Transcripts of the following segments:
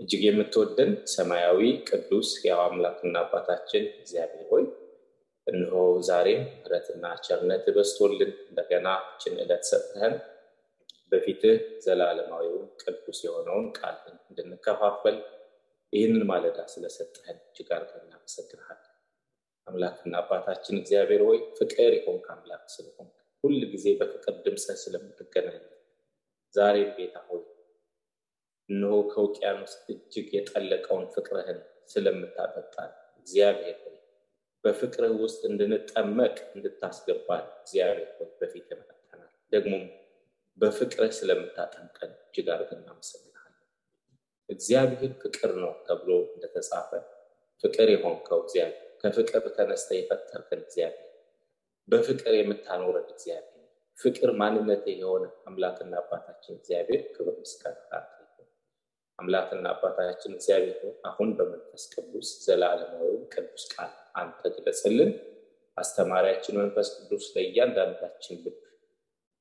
እጅግ የምትወደን ሰማያዊ ቅዱስ ያው አምላክና አባታችን እግዚአብሔር ሆይ እንሆ ዛሬም ምረትና ቸርነት በስቶልን እንደገና ችን ዕለት ሰጥተህን በፊትህ ዘላለማዊውን ቅዱስ የሆነውን ቃልን እንድንከፋፈል ይህንን ማለዳ ስለሰጠህን እጅግ አድርገን አምላክና አባታችን እግዚአብሔር ሆይ ፍቅር ይሆን አምላክ ስለሆን ሁል ጊዜ በፍቅር ድምሰ ስለምትገናኝ ዛሬም ጌታ ሆይ እነሆ ከውቅያኖስ እጅግ የጠለቀውን ፍቅርህን ስለምታጠጣን እግዚአብሔር ሆይ በፍቅርህ ውስጥ እንድንጠመቅ እንድታስገባን እግዚአብሔር ሆይ በፊት መጠናል ደግሞም በፍቅርህ ስለምታጠምቀን እጅግ አድርገን እናመሰግናለን እግዚአብሔር ፍቅር ነው ተብሎ እንደተጻፈ ፍቅር የሆንከው እግዚአብሔር ከፍቅር ተነስተ የፈጠርከን እግዚአብሔር በፍቅር የምታኖረን እግዚአብሔር ፍቅር ማንነት የሆነ አምላክና አባታችን እግዚአብሔር ክብር ምስጋና አምላክና አባታችን እግዚአብሔር አሁን በመንፈስ ቅዱስ ዘላለማዊ ቅዱስ ቃል አንተ ግለጽልን። አስተማሪያችን መንፈስ ቅዱስ ለእያንዳንዳችን ልብ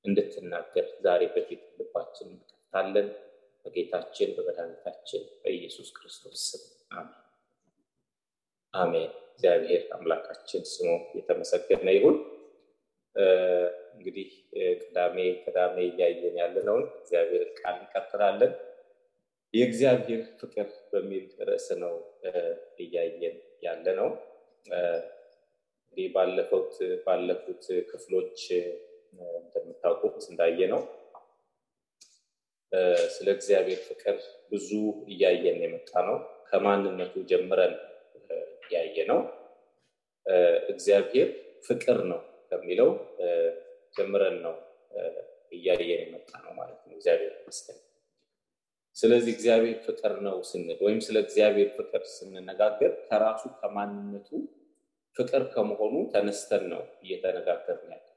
እንድትናገር ዛሬ በፊት ልባችን እንከፍታለን። በጌታችን በመድኃኒታችን በኢየሱስ ክርስቶስ ስም አሜን አሜን። እግዚአብሔር አምላካችን ስሙ የተመሰገነ ይሁን። እንግዲህ ቅዳሜ ቅዳሜ እያየን ያለነውን እግዚአብሔር ቃል እንቀጥላለን። የእግዚአብሔር ፍቅር በሚል ርዕስ ነው እያየን ያለ ነው እንግዲህ ባለፉት ክፍሎች እንደምታውቁት እንዳየ ነው ስለ እግዚአብሔር ፍቅር ብዙ እያየን የመጣ ነው ከማንነቱ ጀምረን እያየ ነው እግዚአብሔር ፍቅር ነው ከሚለው ጀምረን ነው እያየን የመጣ ነው ማለት ነው እግዚአብሔር ይመስገን ስለዚህ እግዚአብሔር ፍቅር ነው ስንል ወይም ስለ እግዚአብሔር ፍቅር ስንነጋገር ከራሱ ከማንነቱ ፍቅር ከመሆኑ ተነስተን ነው እየተነጋገር ያለ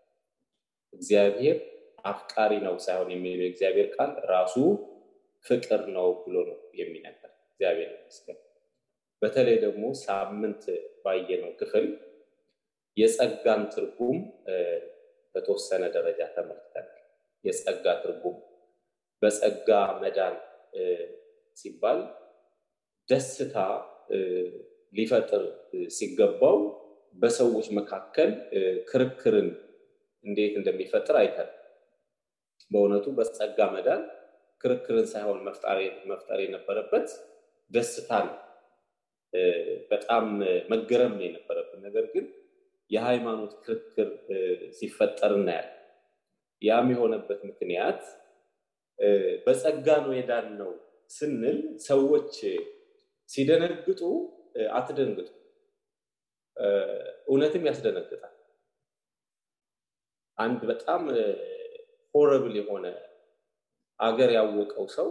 እግዚአብሔር አፍቃሪ ነው ሳይሆን የሚለው እግዚአብሔር ቃል ራሱ ፍቅር ነው ብሎ ነው የሚነገር እግዚአብሔር ይመስገን በተለይ ደግሞ ሳምንት ባየነው ክፍል የጸጋን ትርጉም በተወሰነ ደረጃ ተመልክተናል የጸጋ ትርጉም በጸጋ መዳን ሲባል ደስታ ሊፈጥር ሲገባው በሰዎች መካከል ክርክርን እንዴት እንደሚፈጥር አይተን በእውነቱ በጸጋ መዳን ክርክርን ሳይሆን መፍጠር የነበረበት ደስታ ነው። በጣም መገረም ነው የነበረብን። ነገር ግን የሃይማኖት ክርክር ሲፈጠር እናያለን። ያም የሆነበት ምክንያት በጸጋ ነው የዳን ነው ስንል ሰዎች ሲደነግጡ አትደንግጡ። እውነትም ያስደነግጣል። አንድ በጣም ሆረብል የሆነ አገር ያወቀው ሰው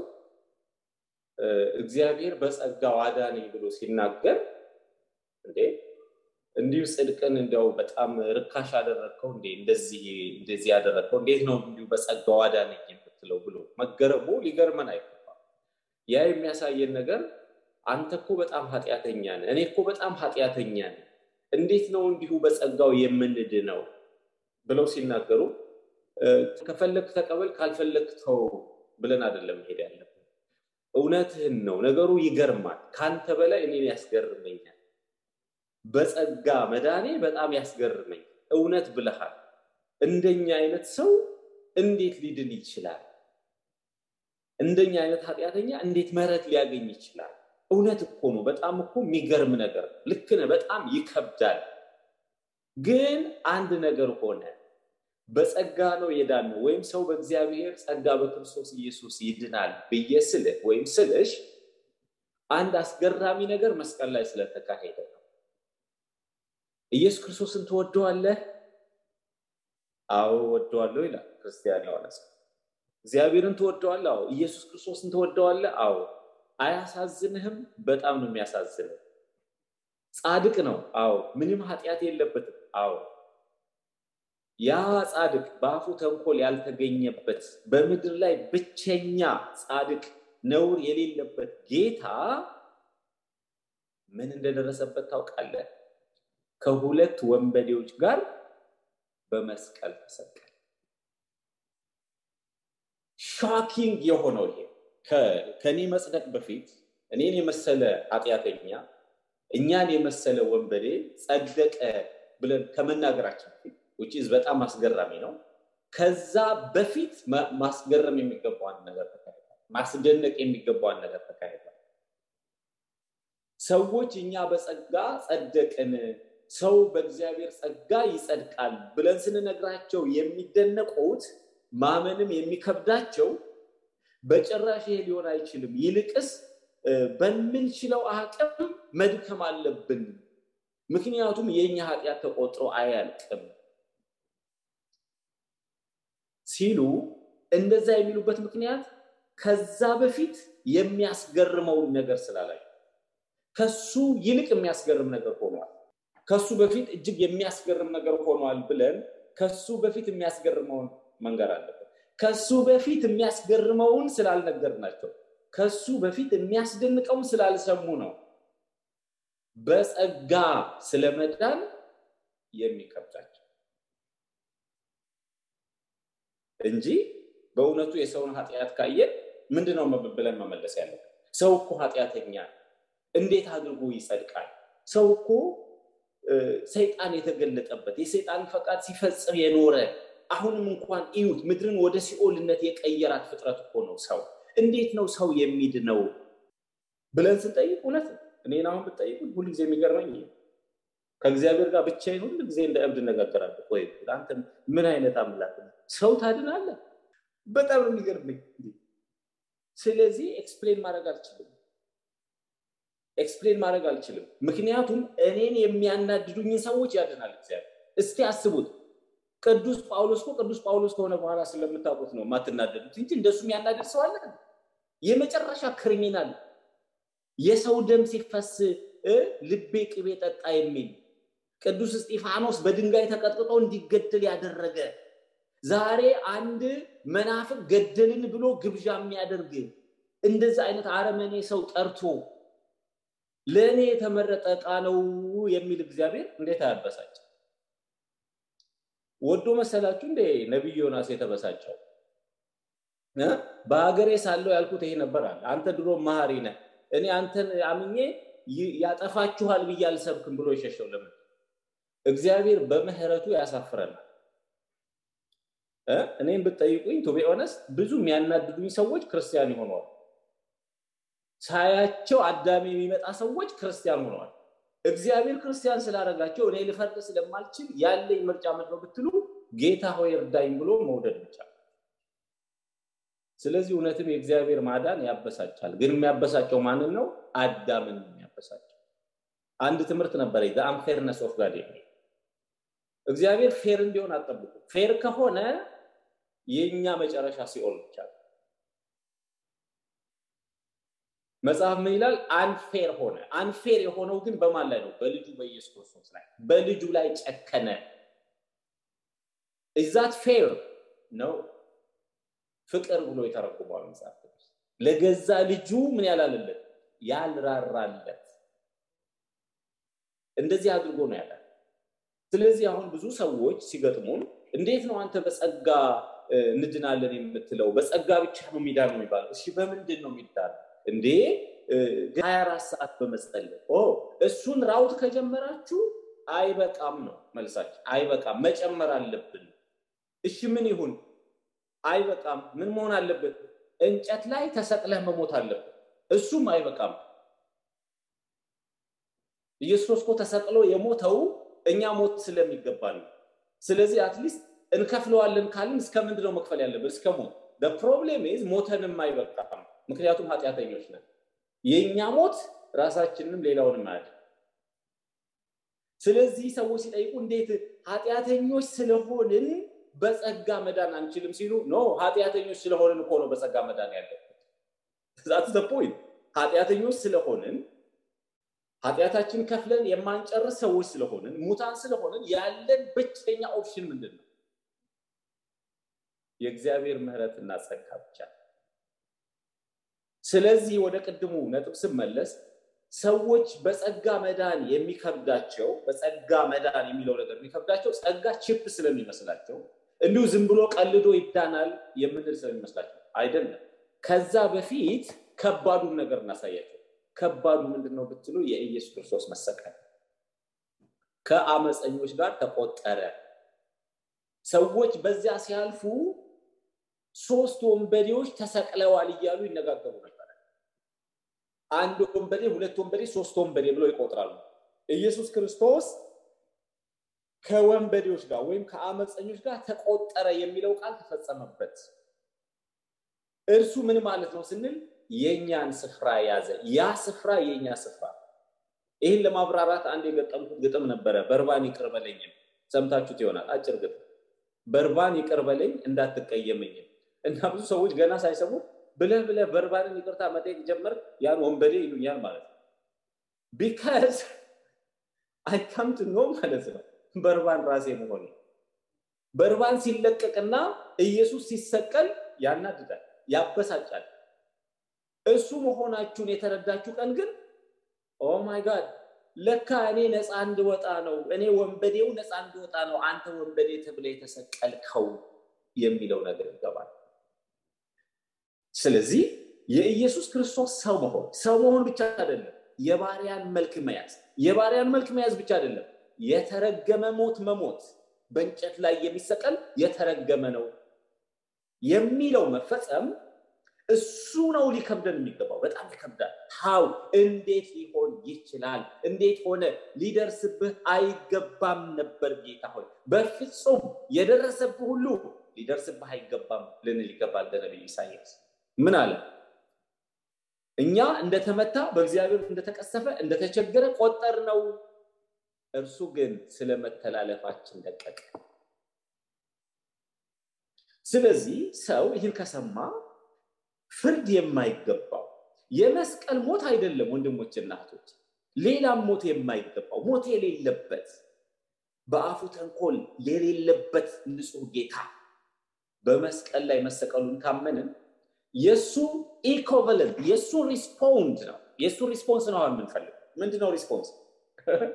እግዚአብሔር በጸጋው አዳነኝ ብሎ ሲናገር እንዴ እንዲሁ ጽድቅን እንዲያው በጣም ርካሽ አደረግከው እንዴ እንደዚህ እንደዚህ ያደረግከው እንዴት ነው እንዲሁ በጸጋው አዳነኝ የምትለው ብሎ መገረሙ ሊገርመን አይገባም። ያ የሚያሳየን ነገር አንተ እኮ በጣም ኃጢአተኛ ነህ፣ እኔ እኮ በጣም ኃጢአተኛ ነህ፣ እንዴት ነው እንዲሁ በጸጋው የምንድነው ብለው ሲናገሩ ከፈለግ ተቀበል ካልፈለግ ተው ብለን አይደለም መሄድ ያለብን። እውነትህን ነው፣ ነገሩ ይገርማል። ከአንተ በላይ እኔን ያስገርመኛል። በጸጋ መዳኔ በጣም ያስገርመኛል። እውነት ብለሃል። እንደኛ አይነት ሰው እንዴት ሊድን ይችላል? እንደኛ አይነት ኃጢአተኛ እንዴት መረት ሊያገኝ ይችላል? እውነት እኮ ነው። በጣም እኮ የሚገርም ነገር ልክ ነህ። በጣም ይከብዳል። ግን አንድ ነገር ሆነ። በጸጋ ነው የዳነው ወይም ሰው በእግዚአብሔር ጸጋ በክርስቶስ ኢየሱስ ይድናል ብዬ ስልህ ወይም ስልሽ አንድ አስገራሚ ነገር መስቀል ላይ ስለተካሄደ ነው። ኢየሱስ ክርስቶስን ትወደዋለህ? አዎ ወደዋለሁ ይላል ክርስቲያን የሆነ ሰው። እግዚአብሔርን ተወደዋለ አዎ። ኢየሱስ ክርስቶስን ትወደዋለህ? አዎ። አያሳዝንህም? በጣም ነው የሚያሳዝንህ። ጻድቅ ነው? አዎ። ምንም ኃጢአት የለበትም? አዎ። ያ ጻድቅ በአፉ ተንኮል ያልተገኘበት በምድር ላይ ብቸኛ ጻድቅ ነውር የሌለበት ጌታ ምን እንደደረሰበት ታውቃለ ከሁለት ወንበዴዎች ጋር በመስቀል ተሰቀ ሾኪንግ የሆነው ይሄ ከእኔ መጽደቅ በፊት እኔን የመሰለ ኃጢአተኛ እኛን የመሰለ ወንበዴ ጸደቀ ብለን ከመናገራችን ውጭ በጣም አስገራሚ ነው። ከዛ በፊት ማስገረም የሚገባዋን ነገር ተካሂዷል። ማስደነቅ የሚገባዋን ነገር ተካሂዷል። ሰዎች እኛ በጸጋ ጸደቅን፣ ሰው በእግዚአብሔር ጸጋ ይጸድቃል ብለን ስንነግራቸው የሚደነቁት ማመንም የሚከብዳቸው በጭራሽ ይሄ ሊሆን አይችልም፣ ይልቅስ በምንችለው አቅም መድከም አለብን። ምክንያቱም የኛ ኃጢአት ተቆጥሮ አያልቅም ሲሉ እንደዛ የሚሉበት ምክንያት ከዛ በፊት የሚያስገርመውን ነገር ስላላዩ ከሱ ይልቅ የሚያስገርም ነገር ሆኗል። ከሱ በፊት እጅግ የሚያስገርም ነገር ሆኗል ብለን ከሱ በፊት የሚያስገርመውን መንገር አለበት ከሱ በፊት የሚያስገርመውን ስላልነገር ናቸው። ከሱ በፊት የሚያስደንቀውን ስላልሰሙ ነው በጸጋ ስለመዳን የሚከብዳቸው እንጂ በእውነቱ የሰውን ኃጢአት ካየን ምንድነው ብለን መመለስ ያለብን ሰው እኮ ኃጢአተኛ እንዴት አድርጎ ይጸድቃል ሰው እኮ ሰይጣን የተገለጠበት የሰይጣን ፈቃድ ሲፈጽም የኖረ አሁንም እንኳን እዩት፣ ምድርን ወደ ሲኦልነት የቀየራት ፍጥረት እኮ ነው ሰው። እንዴት ነው ሰው የሚድነው ብለን ስንጠይቅ እውነት እኔን አሁን ሁሉ ጊዜ የሚገርመኝ ከእግዚአብሔር ጋር ብቻዬን ጊዜ እንደ እብድ እነጋገራለሁ። ወይ አንተ ምን አይነት አምላክ ሰው ታድናለ? በጣም የሚገርመኝ። ስለዚህ ኤክስፕሌን ማድረግ አልችልም፣ ኤክስፕሌን ማድረግ አልችልም። ምክንያቱም እኔን የሚያናድዱኝን ሰዎች ያድናል እግዚአብሔር። እስቲ አስቡት ቅዱስ ጳውሎስ ቅዱስ ጳውሎስ ከሆነ በኋላ ስለምታውቁት ነው ማትናደዱት እንጂ እንደሱ የሚያናደድ ሰው አለ? የመጨረሻ ክሪሚናል የሰው ደም ሲፈስ ልቤ ቅቤ ጠጣ የሚል ቅዱስ እስጢፋኖስ በድንጋይ ተቀጥቅጦ እንዲገደል ያደረገ ዛሬ አንድ መናፍቅ ገደልን ብሎ ግብዣ የሚያደርግ እንደዚህ አይነት አረመኔ ሰው ጠርቶ ለእኔ የተመረጠ ዕቃ ነው የሚል እግዚአብሔር እንዴት አያበሳጭ? ወዶ መሰላችሁ እንደ ነቢዩ ዮናስ የተበሳጨው በሀገሬ ሳለው ያልኩት ይሄ ነበራል። አንተ ድሮ መሀሪ ነህ፣ እኔ አንተን አምኜ ያጠፋችኋል ብዬ አልሰብክም ብሎ የሸሸው ለምን? እግዚአብሔር በምህረቱ ያሳፍረናል። እኔም ብትጠይቁኝ ቱቤ ኦነስ ብዙ የሚያናድዱኝ ሰዎች ክርስቲያን ሆነዋል። ሳያቸው አዳሚ የሚመጣ ሰዎች ክርስቲያን ሆነዋል። እግዚአብሔር ክርስቲያን ስላደረጋቸው እኔ ልፈርጥ ስለማልችል ያለኝ ምርጫ ምንድነው ብትሉ ጌታ ሆይ እርዳኝ ብሎ መውደድ ብቻ ስለዚህ እውነትም የእግዚአብሔር ማዳን ያበሳጫል ግን የሚያበሳጨው ማንን ነው አዳምን የሚያበሳጨው አንድ ትምህርት ነበረ ዘአንፌርነስ ኦፍ ጋድ እግዚአብሔር ፌር እንዲሆን አጠብቁ ፌር ከሆነ የእኛ መጨረሻ ሲኦል ብቻ መጽሐፍ ምን ይላል? አንፌር ሆነ። አንፌር የሆነው ግን በማን ላይ ነው? በልጁ በኢየሱስ ክርስቶስ ላይ፣ በልጁ ላይ ጨከነ። ኢዛት ፌር ነው ፍቅር ብሎ የተረጉሟል መጽሐፍ ቅዱስ። ለገዛ ልጁ ምን ያላለለት ያልራራለት፣ እንደዚህ አድርጎ ነው ያለ። ስለዚህ አሁን ብዙ ሰዎች ሲገጥሙን እንዴት ነው አንተ በጸጋ እንድናለን የምትለው? በጸጋ ብቻ ነው የሚዳነው የሚባለው። እሺ በምንድን ነው የሚዳነው? እንዴ 24 ሰዓት በመጸለይ እሱን ራውት ከጀመራችሁ አይበቃም ነው መልሳች አይበቃም፣ መጨመር አለብን። እሺ ምን ይሁን? አይበቃም። ምን መሆን አለብን? እንጨት ላይ ተሰቅለህ መሞት አለብን። እሱም አይበቃም። ኢየሱስ ኮ ተሰቅሎ የሞተው እኛ ሞት ስለሚገባ ነው። ስለዚህ አትሊስት እንከፍለዋለን ካልን እስከ ምንድነው መክፈል ያለብን? እስከ ሞት። ፕሮብሌም ሞተንም አይበቃም። ምክንያቱም ኃጢአተኞች ነን። የእኛ ሞት ራሳችንንም ሌላውንም አያድ። ስለዚህ ሰዎች ሲጠይቁ እንዴት ኃጢአተኞች ስለሆንን በጸጋ መዳን አንችልም ሲሉ ኖ ኃጢአተኞች ስለሆንን እኮ ነው በጸጋ መዳን ያለበት። ዛት ዘ ኃጢአተኞች ስለሆንን ኃጢአታችን ከፍለን የማንጨርስ ሰዎች ስለሆንን ሙታን ስለሆንን ያለን ብቸኛ ኦፕሽን ምንድን ነው? የእግዚአብሔር ምሕረትና ጸጋ ብቻ ነው። ስለዚህ ወደ ቅድሙ ነጥብ ስመለስ ሰዎች በጸጋ መዳን የሚከብዳቸው በጸጋ መዳን የሚለው ነገር የሚከብዳቸው ጸጋ ችፕ ስለሚመስላቸው እንዲሁ ዝም ብሎ ቀልዶ ይዳናል የምንል ስለሚመስላቸው አይደለም ከዛ በፊት ከባዱን ነገር እናሳያቸው ከባዱ ምንድነው ብትሉ የኢየሱስ ክርስቶስ መሰቀል ከአመፀኞች ጋር ተቆጠረ ሰዎች በዚያ ሲያልፉ ሶስት ወንበዴዎች ተሰቅለዋል እያሉ ይነጋገሩ ናቸው አንድ ወንበዴ፣ ሁለት ወንበዴ፣ ሶስት ወንበዴ ብለው ይቆጥራሉ። ኢየሱስ ክርስቶስ ከወንበዴዎች ጋር ወይም ከአመፀኞች ጋር ተቆጠረ የሚለው ቃል ተፈጸመበት። እርሱ ምን ማለት ነው ስንል የእኛን ስፍራ ያዘ። ያ ስፍራ የእኛ ስፍራ። ይህን ለማብራራት አንድ የገጠምኩት ግጥም ነበረ። በርባን ይቅር ሰምታችሁት ይሆናል። አጭር ግጥም። በርባን ይቅርበለኝ በለኝ እንዳትቀየመኝም እና ብዙ ሰዎች ገና ሳይሰሙት ብለህ ብለህ በርባንን ይቅርታ መጠየቅ ጀመር፣ ያን ወንበዴ ይሉኛል ማለት ነው። ቢካዝ አይ ኖ ማለት ነው በርባን ራሴ መሆን በርባን ሲለቀቅና ኢየሱስ ሲሰቀል ያናድዳል፣ ያበሳጫል። እሱ መሆናችሁን የተረዳችሁ ቀን ግን ኦ ማይ ጋድ ለካ እኔ ነፃ እንድወጣ ነው፣ እኔ ወንበዴው ነፃ እንድወጣ ነው፣ አንተ ወንበዴ ተብለ የተሰቀልከው የሚለው ነገር ይገባል። ስለዚህ የኢየሱስ ክርስቶስ ሰው መሆን ሰው መሆን ብቻ አይደለም የባሪያን መልክ መያዝ የባሪያን መልክ መያዝ ብቻ አይደለም የተረገመ ሞት መሞት በእንጨት ላይ የሚሰቀል የተረገመ ነው የሚለው መፈጸም እሱ ነው ሊከብደን የሚገባው በጣም ይከብዳል ሀው እንዴት ሊሆን ይችላል እንዴት ሆነ ሊደርስብህ አይገባም ነበር ጌታ ሆይ በፍጹም የደረሰብህ ሁሉ ሊደርስብህ አይገባም ልንል ይገባል ለነቢዩ ኢሳያስ ምን አለ እኛ እንደተመታ በእግዚአብሔር እንደተቀሰፈ እንደተቸገረ ቆጠር ነው እርሱ ግን ስለ መተላለፋችን ደቀቀ ስለዚህ ሰው ይህን ከሰማ ፍርድ የማይገባው የመስቀል ሞት አይደለም ወንድሞችና እህቶች ሌላም ሞት የማይገባው ሞት የሌለበት በአፉ ተንኮል የሌለበት ንጹህ ጌታ በመስቀል ላይ መሰቀሉን ካመንን የእሱ ኢኮቨለንት የእሱ ሪስፖንድ ነው የእሱ ሪስፖንስ ነው የምንፈልግ ምንድነው ሪስፖንስ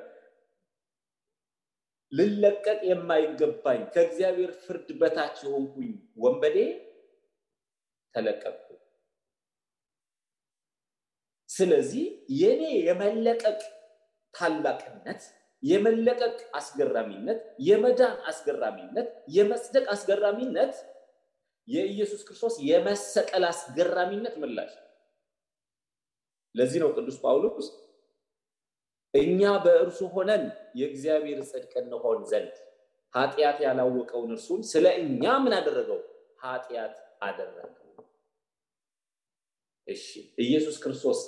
ልለቀቅ የማይገባኝ ከእግዚአብሔር ፍርድ በታች የሆንኩኝ ወንበዴ ተለቀቅኩ ስለዚህ የኔ የመለቀቅ ታላቅነት የመለቀቅ አስገራሚነት የመዳን አስገራሚነት የመጽደቅ አስገራሚነት የኢየሱስ ክርስቶስ የመሰቀል አስገራሚነት ምላሽ። ለዚህ ነው ቅዱስ ጳውሎስ እኛ በእርሱ ሆነን የእግዚአብሔር ጽድቅ እንሆን ዘንድ ኃጢአት ያላወቀውን እርሱም ስለ እኛ ምን አደረገው? ኃጢአት አደረገ እሺ ኢየሱስ ክርስቶስ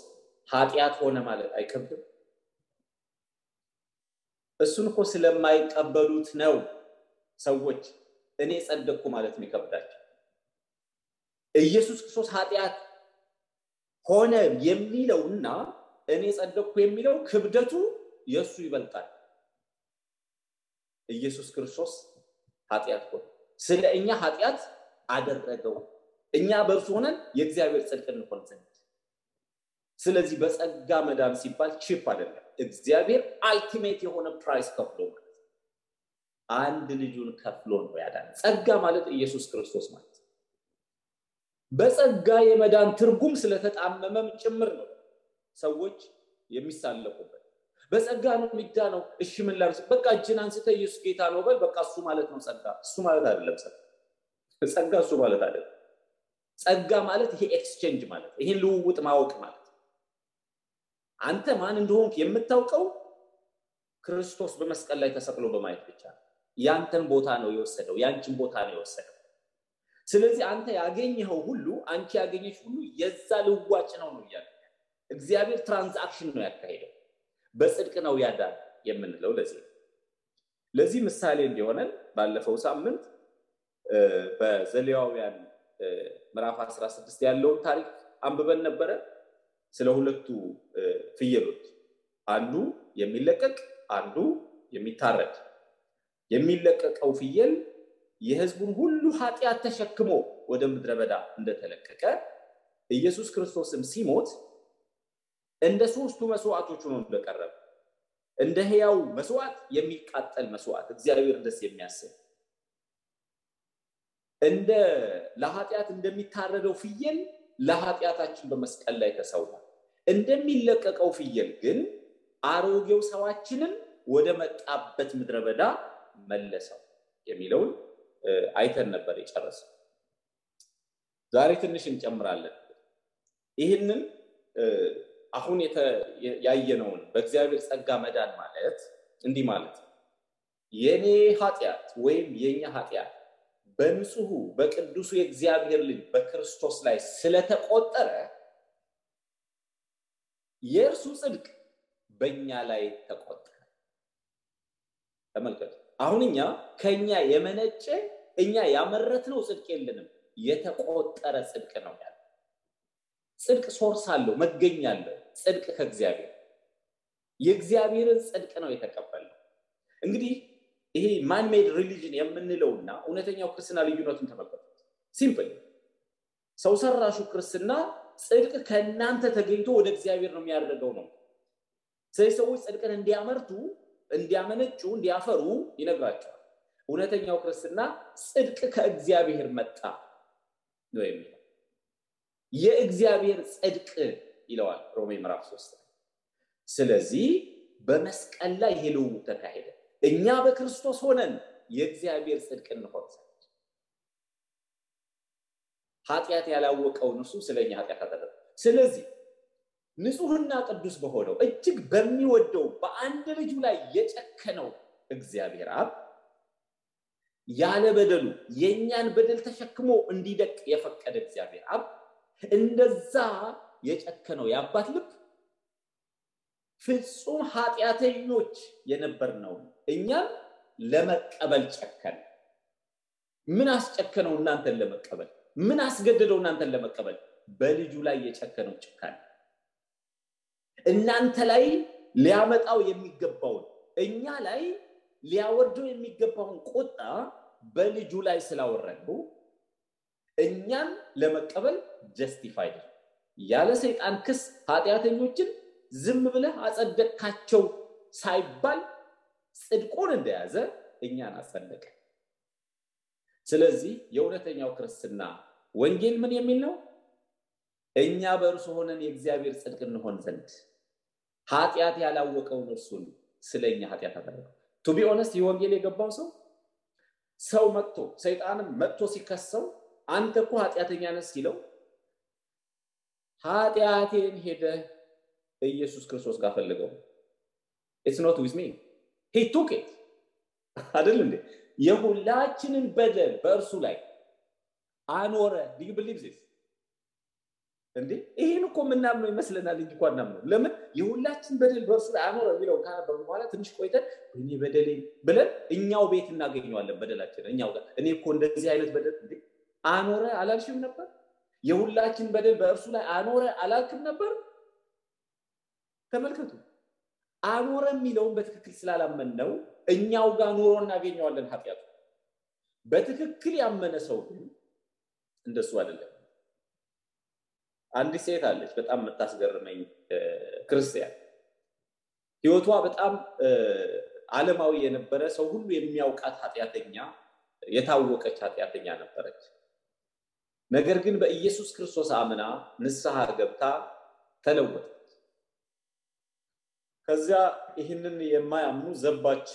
ኃጢአት ሆነ ማለት አይከብድም? እሱን እኮ ስለማይቀበሉት ነው ሰዎች እኔ ጸደቅኩ ማለት ይከብዳቸው ኢየሱስ ክርስቶስ ኃጢአት ሆነ የሚለውና እኔ ጸደቅኩ የሚለው ክብደቱ የእሱ ይበልጣል ኢየሱስ ክርስቶስ ኃጢአት ሆነ ስለ እኛ ኃጢአት አደረገው እኛ በእርሱ ሆነን የእግዚአብሔር ጽድቅ እንሆን ዘንድ ስለዚህ በጸጋ መዳን ሲባል ቺፕ አይደለም እግዚአብሔር አልቲሜት የሆነ ፕራይስ ከፍሎ ማለት አንድ ልጁን ከፍሎ ነው ያዳነ ጸጋ ማለት ኢየሱስ ክርስቶስ ማለት በጸጋ የመዳን ትርጉም ስለተጣመመም ጭምር ነው ሰዎች የሚሳለቁበት። በጸጋ ነው ነው እሺ ምን ላርስ? በቃ እጅን አንስተ ኢየሱስ ጌታ ነው በል። በቃ እሱ ማለት ነው ጸጋ። እሱ ማለት አይደለም ጸጋ። ጸጋ እሱ ማለት አይደለም። ጸጋ ማለት ይሄ ኤክስቼንጅ ማለት ይሄን ልውውጥ ማወቅ ማለት አንተ ማን እንደሆንክ የምታውቀው ክርስቶስ በመስቀል ላይ ተሰቅሎ በማየት ብቻ ያንተን ቦታ ነው የወሰደው፣ ያንቺን ቦታ ነው የወሰደው። ስለዚህ አንተ ያገኘኸው ሁሉ አንቺ ያገኘች ሁሉ የዛ ልዋጭ ነው ነው እያለ እግዚአብሔር ትራንዛክሽን ነው ያካሄደው። በጽድቅ ነው ያዳ የምንለው ለዚህ ለዚህ ምሳሌ እንዲሆነን ባለፈው ሳምንት በዘሌዋውያን ምዕራፍ 16 ያለውን ታሪክ አንብበን ነበረ። ስለ ሁለቱ ፍየሎች አንዱ የሚለቀቅ አንዱ የሚታረድ የሚለቀቀው ፍየል የህዝቡን ሁሉ ኃጢአት ተሸክሞ ወደ ምድረ በዳ እንደተለቀቀ ኢየሱስ ክርስቶስም ሲሞት እንደ ሶስቱ መስዋዕቶች ሆኖ እንደቀረበ እንደ ህያው መስዋዕት የሚቃጠል መስዋዕት እግዚአብሔር ደስ የሚያስብ እንደ ለኃጢአት እንደሚታረደው ፍየል ለኃጢአታችን በመስቀል ላይ ተሰውቷል። እንደሚለቀቀው ፍየል ግን አሮጌው ሰዋችንን ወደ መጣበት ምድረ በዳ መለሰው የሚለውን አይተን ነበር የጨረስ ዛሬ ትንሽ እንጨምራለን። ይህንን አሁን ያየነውን በእግዚአብሔር ጸጋ መዳን ማለት እንዲህ ማለት የኔ ኃጢአት ወይም የኛ ኃጢአት በንጹሁ በቅዱሱ የእግዚአብሔር ልጅ በክርስቶስ ላይ ስለተቆጠረ የእርሱ ጽድቅ በእኛ ላይ ተቆጠረ። ተመልከቱ። አሁን እኛ ከእኛ የመነጨ እኛ ያመረትነው ጽድቅ የለንም የተቆጠረ ጽድቅ ነው ያለ ጽድቅ ሶርስ አለው መገኛ አለው ጽድቅ ከእግዚአብሔር የእግዚአብሔርን ጽድቅ ነው የተቀበልነው እንግዲህ ይሄ ማንሜድ ሪሊጅን የምንለውና እውነተኛው ክርስትና ልዩነቱን ተመልከቱት ሲምፕል ሰው ሰራሹ ክርስትና ጽድቅ ከእናንተ ተገኝቶ ወደ እግዚአብሔር ነው የሚያደርገው ነው ስለዚህ ሰዎች ጽድቅን እንዲያመርቱ እንዲያመነጩ እንዲያፈሩ ይነግራቸዋል። እውነተኛው ክርስትና ጽድቅ ከእግዚአብሔር መጣ ነው የሚለው። የእግዚአብሔር ጽድቅ ይለዋል ሮሜ ምዕራፍ ሶስት ስለዚህ በመስቀል ላይ ይሄ ተካሄደ። እኛ በክርስቶስ ሆነን የእግዚአብሔር ጽድቅ እንሆን ዘንድ ኃጢአት ያላወቀውን እሱ ስለ እኛ ኃጢአት አደረገ። ስለዚህ ንጹህና ቅዱስ በሆነው እጅግ በሚወደው በአንድ ልጁ ላይ የጨከነው እግዚአብሔር አብ ያለ በደሉ የእኛን በደል ተሸክሞ እንዲደቅ የፈቀደ እግዚአብሔር አብ እንደዛ የጨከነው የአባት ልብ ፍጹም ኃጢአተኞች ነው እኛም ለመቀበል ጨከነ። ምን አስጨከነው እናንተን ለመቀበል? ምን አስገደደው እናንተን ለመቀበል? በልጁ ላይ የጨከነው ጭካኔ እናንተ ላይ ሊያመጣው የሚገባውን እኛ ላይ ሊያወርደው የሚገባውን ቁጣ በልጁ ላይ ስላወረዱ እኛን ለመቀበል ጀስቲፋይድ ያለ ሰይጣን ክስ ኃጢአተኞችን ዝም ብለህ አጸደቅካቸው ሳይባል ጽድቁን እንደያዘ እኛን አጸደቀ ስለዚህ የእውነተኛው ክርስትና ወንጌል ምን የሚል ነው እኛ በእርሱ ሆነን የእግዚአብሔር ጽድቅ እንሆን ዘንድ ኃጢአት ያላወቀውን እርሱን ስለኛ ኃጢአት አደረገው ቱ ቢ ኦነስት የወንጌል የገባው ሰው ሰው መጥቶ ሰይጣንም መጥቶ ሲከሰው አንተ እኮ ኃጢአተኛ ነስ ሲለው ኃጢአቴን ሄደ ኢየሱስ ክርስቶስ ጋር ፈልገው ኢትስ ኖት ዊዝ ሚ ሂ ቱክ ኢት አይደል እንዴ የሁላችንን በደል በእርሱ ላይ አኖረ ዲዩ ቢሊቭ ዚስ እንዴ ይህን እኮ የምናምነው ይመስለናል እንጂ እኮ አናምነው ለምን የሁላችን በደል በእርሱ ላይ አኖረ የሚለውን በኋላ ትንሽ ቆይተን እኔ በደሌ ብለን እኛው ቤት እናገኘዋለን በደላችን እኛው ጋር እኔ እኮ እንደዚህ አይነት በደል አኖረ አላልሽም ነበር የሁላችን በደል በእርሱ ላይ አኖረ አላልክም ነበር ተመልከቱ አኖረ የሚለውን በትክክል ስላላመን ነው እኛው ጋር ኑሮ እናገኘዋለን ኃጢአቱ በትክክል ያመነ ሰው ግን እንደሱ አይደለም አንዲት ሴት አለች በጣም የምታስገርመኝ ክርስቲያን ህይወቷ በጣም አለማዊ የነበረ ሰው ሁሉ የሚያውቃት ኃጢአተኛ የታወቀች ኃጢአተኛ ነበረች ነገር ግን በኢየሱስ ክርስቶስ አምና ንስሐ ገብታ ተለወጠች ከዚያ ይህንን የማያምኑ ዘባች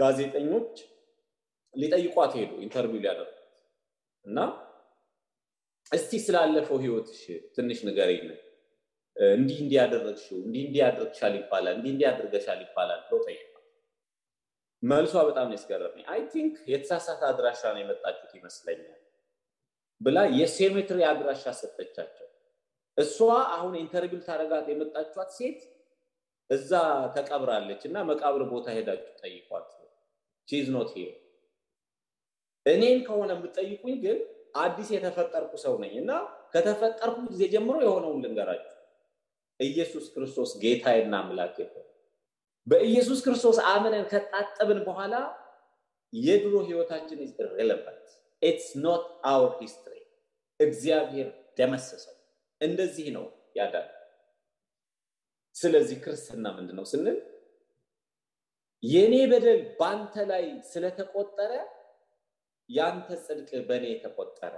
ጋዜጠኞች ሊጠይቋት ሄዱ ኢንተርቪው ሊያደርጉት እና እስቲ ስላለፈው ህይወትሽ ትንሽ ንገሪኝ። እንዲህ እንዲህ ያደረግሽው እንዲህ እንዲህ ይባላል እንዲህ እንዲህ ያደርገሻል ይባላል ብሎ ጠይቋል። መልሷ በጣም ያስገረመኝ፣ አይ ቲንክ የተሳሳተ አድራሻ ነው የመጣችሁት ይመስለኛል ብላ የሴሜትሪ አድራሻ ሰጠቻቸው። እሷ አሁን ኢንተርቪው ታደረጋት የመጣችኋት ሴት እዛ ተቀብራለች እና መቃብር ቦታ ሄዳችሁ ጠይቋት ቺዝ ኖት ሄር እኔን ከሆነ የምጠይቁኝ ግን አዲስ የተፈጠርኩ ሰው ነኝ እና ከተፈጠርኩ ጊዜ ጀምሮ የሆነውን ልንገራችሁ። ኢየሱስ ክርስቶስ ጌታዬና አምላኬ በኢየሱስ ክርስቶስ አምነን ከታጠብን በኋላ የድሮ ህይወታችን ኢዝ ኢትስ ኖት አውር ሂስትሪ። እግዚአብሔር ደመሰሰው። እንደዚህ ነው ያዳል። ስለዚህ ክርስትና ምንድን ነው ስንል የእኔ በደል ባንተ ላይ ስለተቆጠረ ያንተ ጽድቅ በእኔ ተቆጠረ።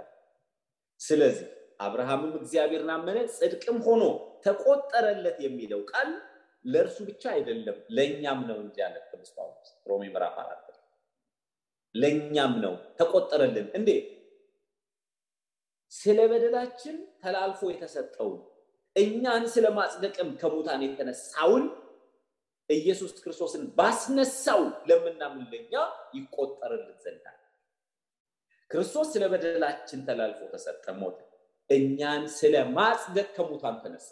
ስለዚህ አብርሃምም እግዚአብሔርን አመነ፣ ጽድቅም ሆኖ ተቆጠረለት የሚለው ቃል ለእርሱ ብቻ አይደለም ለእኛም ነው እንጂ ያለ ቅዱስ ጳውሎስ ሮሜ ምራፍ አራት ለእኛም ነው ተቆጠረልን። እንዴ ስለ በደላችን ተላልፎ የተሰጠውን እኛን ስለ ማጽደቅም ከሙታን የተነሳውን ኢየሱስ ክርስቶስን ባስነሳው ለምናምን ለእኛ ይቆጠርልን ዘንዳል ክርስቶስ ስለ በደላችን ተላልፎ ተሰጠ፣ ሞት እኛን ስለ ማጽደቅ ከሙታን ተነሳ።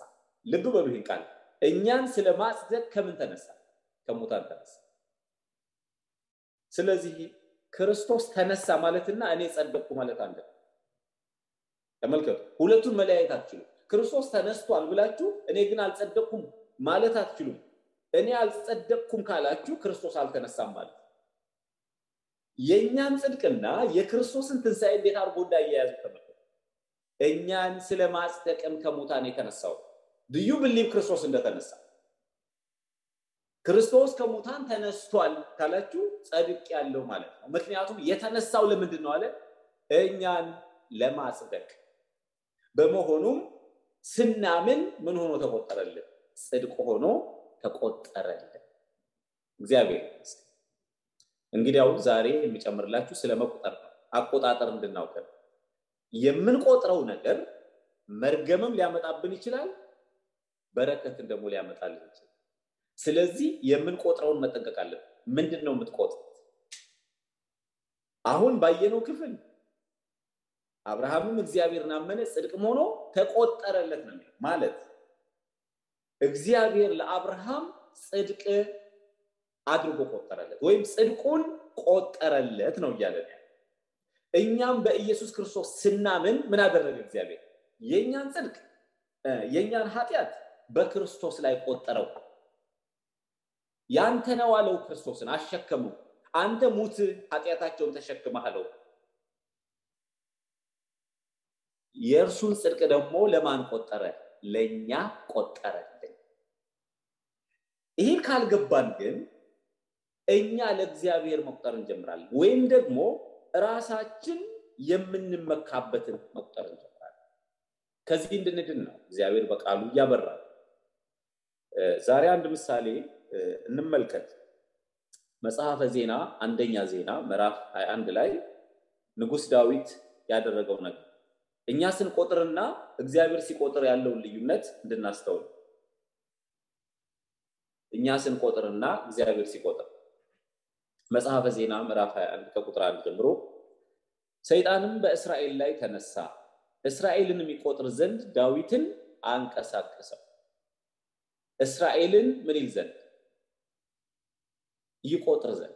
ልብ በሉ ይህን ቃል እኛን ስለ ማጽደቅ ከምን ተነሳ? ከሙታን ተነሳ። ስለዚህ ክርስቶስ ተነሳ ማለትና እኔ ጸደቅኩ ማለት አንድ ተመልከቱ። ሁለቱን መለያየት አትችሉም። ክርስቶስ ተነስቷል ብላችሁ እኔ ግን አልጸደቅኩም ማለት አትችሉም። እኔ አልጸደቅኩም ካላችሁ ክርስቶስ አልተነሳም ማለት የእኛን ጽድቅና የክርስቶስን ትንሣኤ እንዴት አድርጎ እንዳያያዙ ተመልከቱ። እኛን ስለ ማጽደቅም ከሙታን የተነሳው ድዩ ብሊም ክርስቶስ እንደተነሳ ክርስቶስ ከሙታን ተነስቷል ካላችሁ ጸድቅ ያለው ማለት ነው። ምክንያቱም የተነሳው ለምንድን ነው አለ እኛን ለማጽደቅ በመሆኑም ስናምን ምን ሆኖ ተቆጠረልን? ጽድቅ ሆኖ ተቆጠረልን። እግዚአብሔር ይመስገን። እንግዲያው ዛሬ የሚጨምርላችሁ ስለ መቁጠር ነው። አቆጣጠር እንድናውቀ የምንቆጥረው ነገር መርገምም ሊያመጣብን ይችላል፣ በረከትን ደግሞ ሊያመጣልን ይችላል። ስለዚህ የምንቆጥረውን መጠንቀቅ አለብን። ምንድን ነው የምትቆጥ አሁን ባየነው ክፍል አብርሃምም እግዚአብሔርን አመነ ጽድቅም ሆኖ ተቆጠረለት ነው ማለት እግዚአብሔር ለአብርሃም ጽድቅ አድርጎ ቆጠረለት ወይም ጽድቁን ቆጠረለት ነው እያለ እኛም በኢየሱስ ክርስቶስ ስናምን ምን አደረገ እግዚአብሔር የእኛን ጽድቅ የእኛን ኃጢአት በክርስቶስ ላይ ቆጠረው ያንተ ነው አለው ክርስቶስን አሸከሙ አንተ ሙት ኃጢአታቸውን ተሸክመሃለው የእርሱን ጽድቅ ደግሞ ለማን ቆጠረ ለእኛ ቆጠረልን ይህን ካልገባን ግን እኛ ለእግዚአብሔር መቁጠር እንጀምራለን ወይም ደግሞ ራሳችን የምንመካበትን መቁጠር እንጀምራለን። ከዚህ እንድንድን ነው እግዚአብሔር በቃሉ እያበራ ዛሬ አንድ ምሳሌ እንመልከት። መጽሐፈ ዜና አንደኛ ዜና ምዕራፍ 21 ላይ ንጉስ ዳዊት ያደረገው ነገር እኛ ስንቆጥርና እግዚአብሔር ሲቆጥር ያለውን ልዩነት እንድናስተውል እኛ ስንቆጥርና እግዚአብሔር ሲቆጥር መጽሐፈ ዜና ምዕራፍ 21 ከቁጥር 1 ጀምሮ ሰይጣንም በእስራኤል ላይ ተነሳ፣ እስራኤልን የሚቆጥር ዘንድ ዳዊትን አንቀሳቀሰው። እስራኤልን ምን ይል ዘንድ ይቆጥር ዘንድ።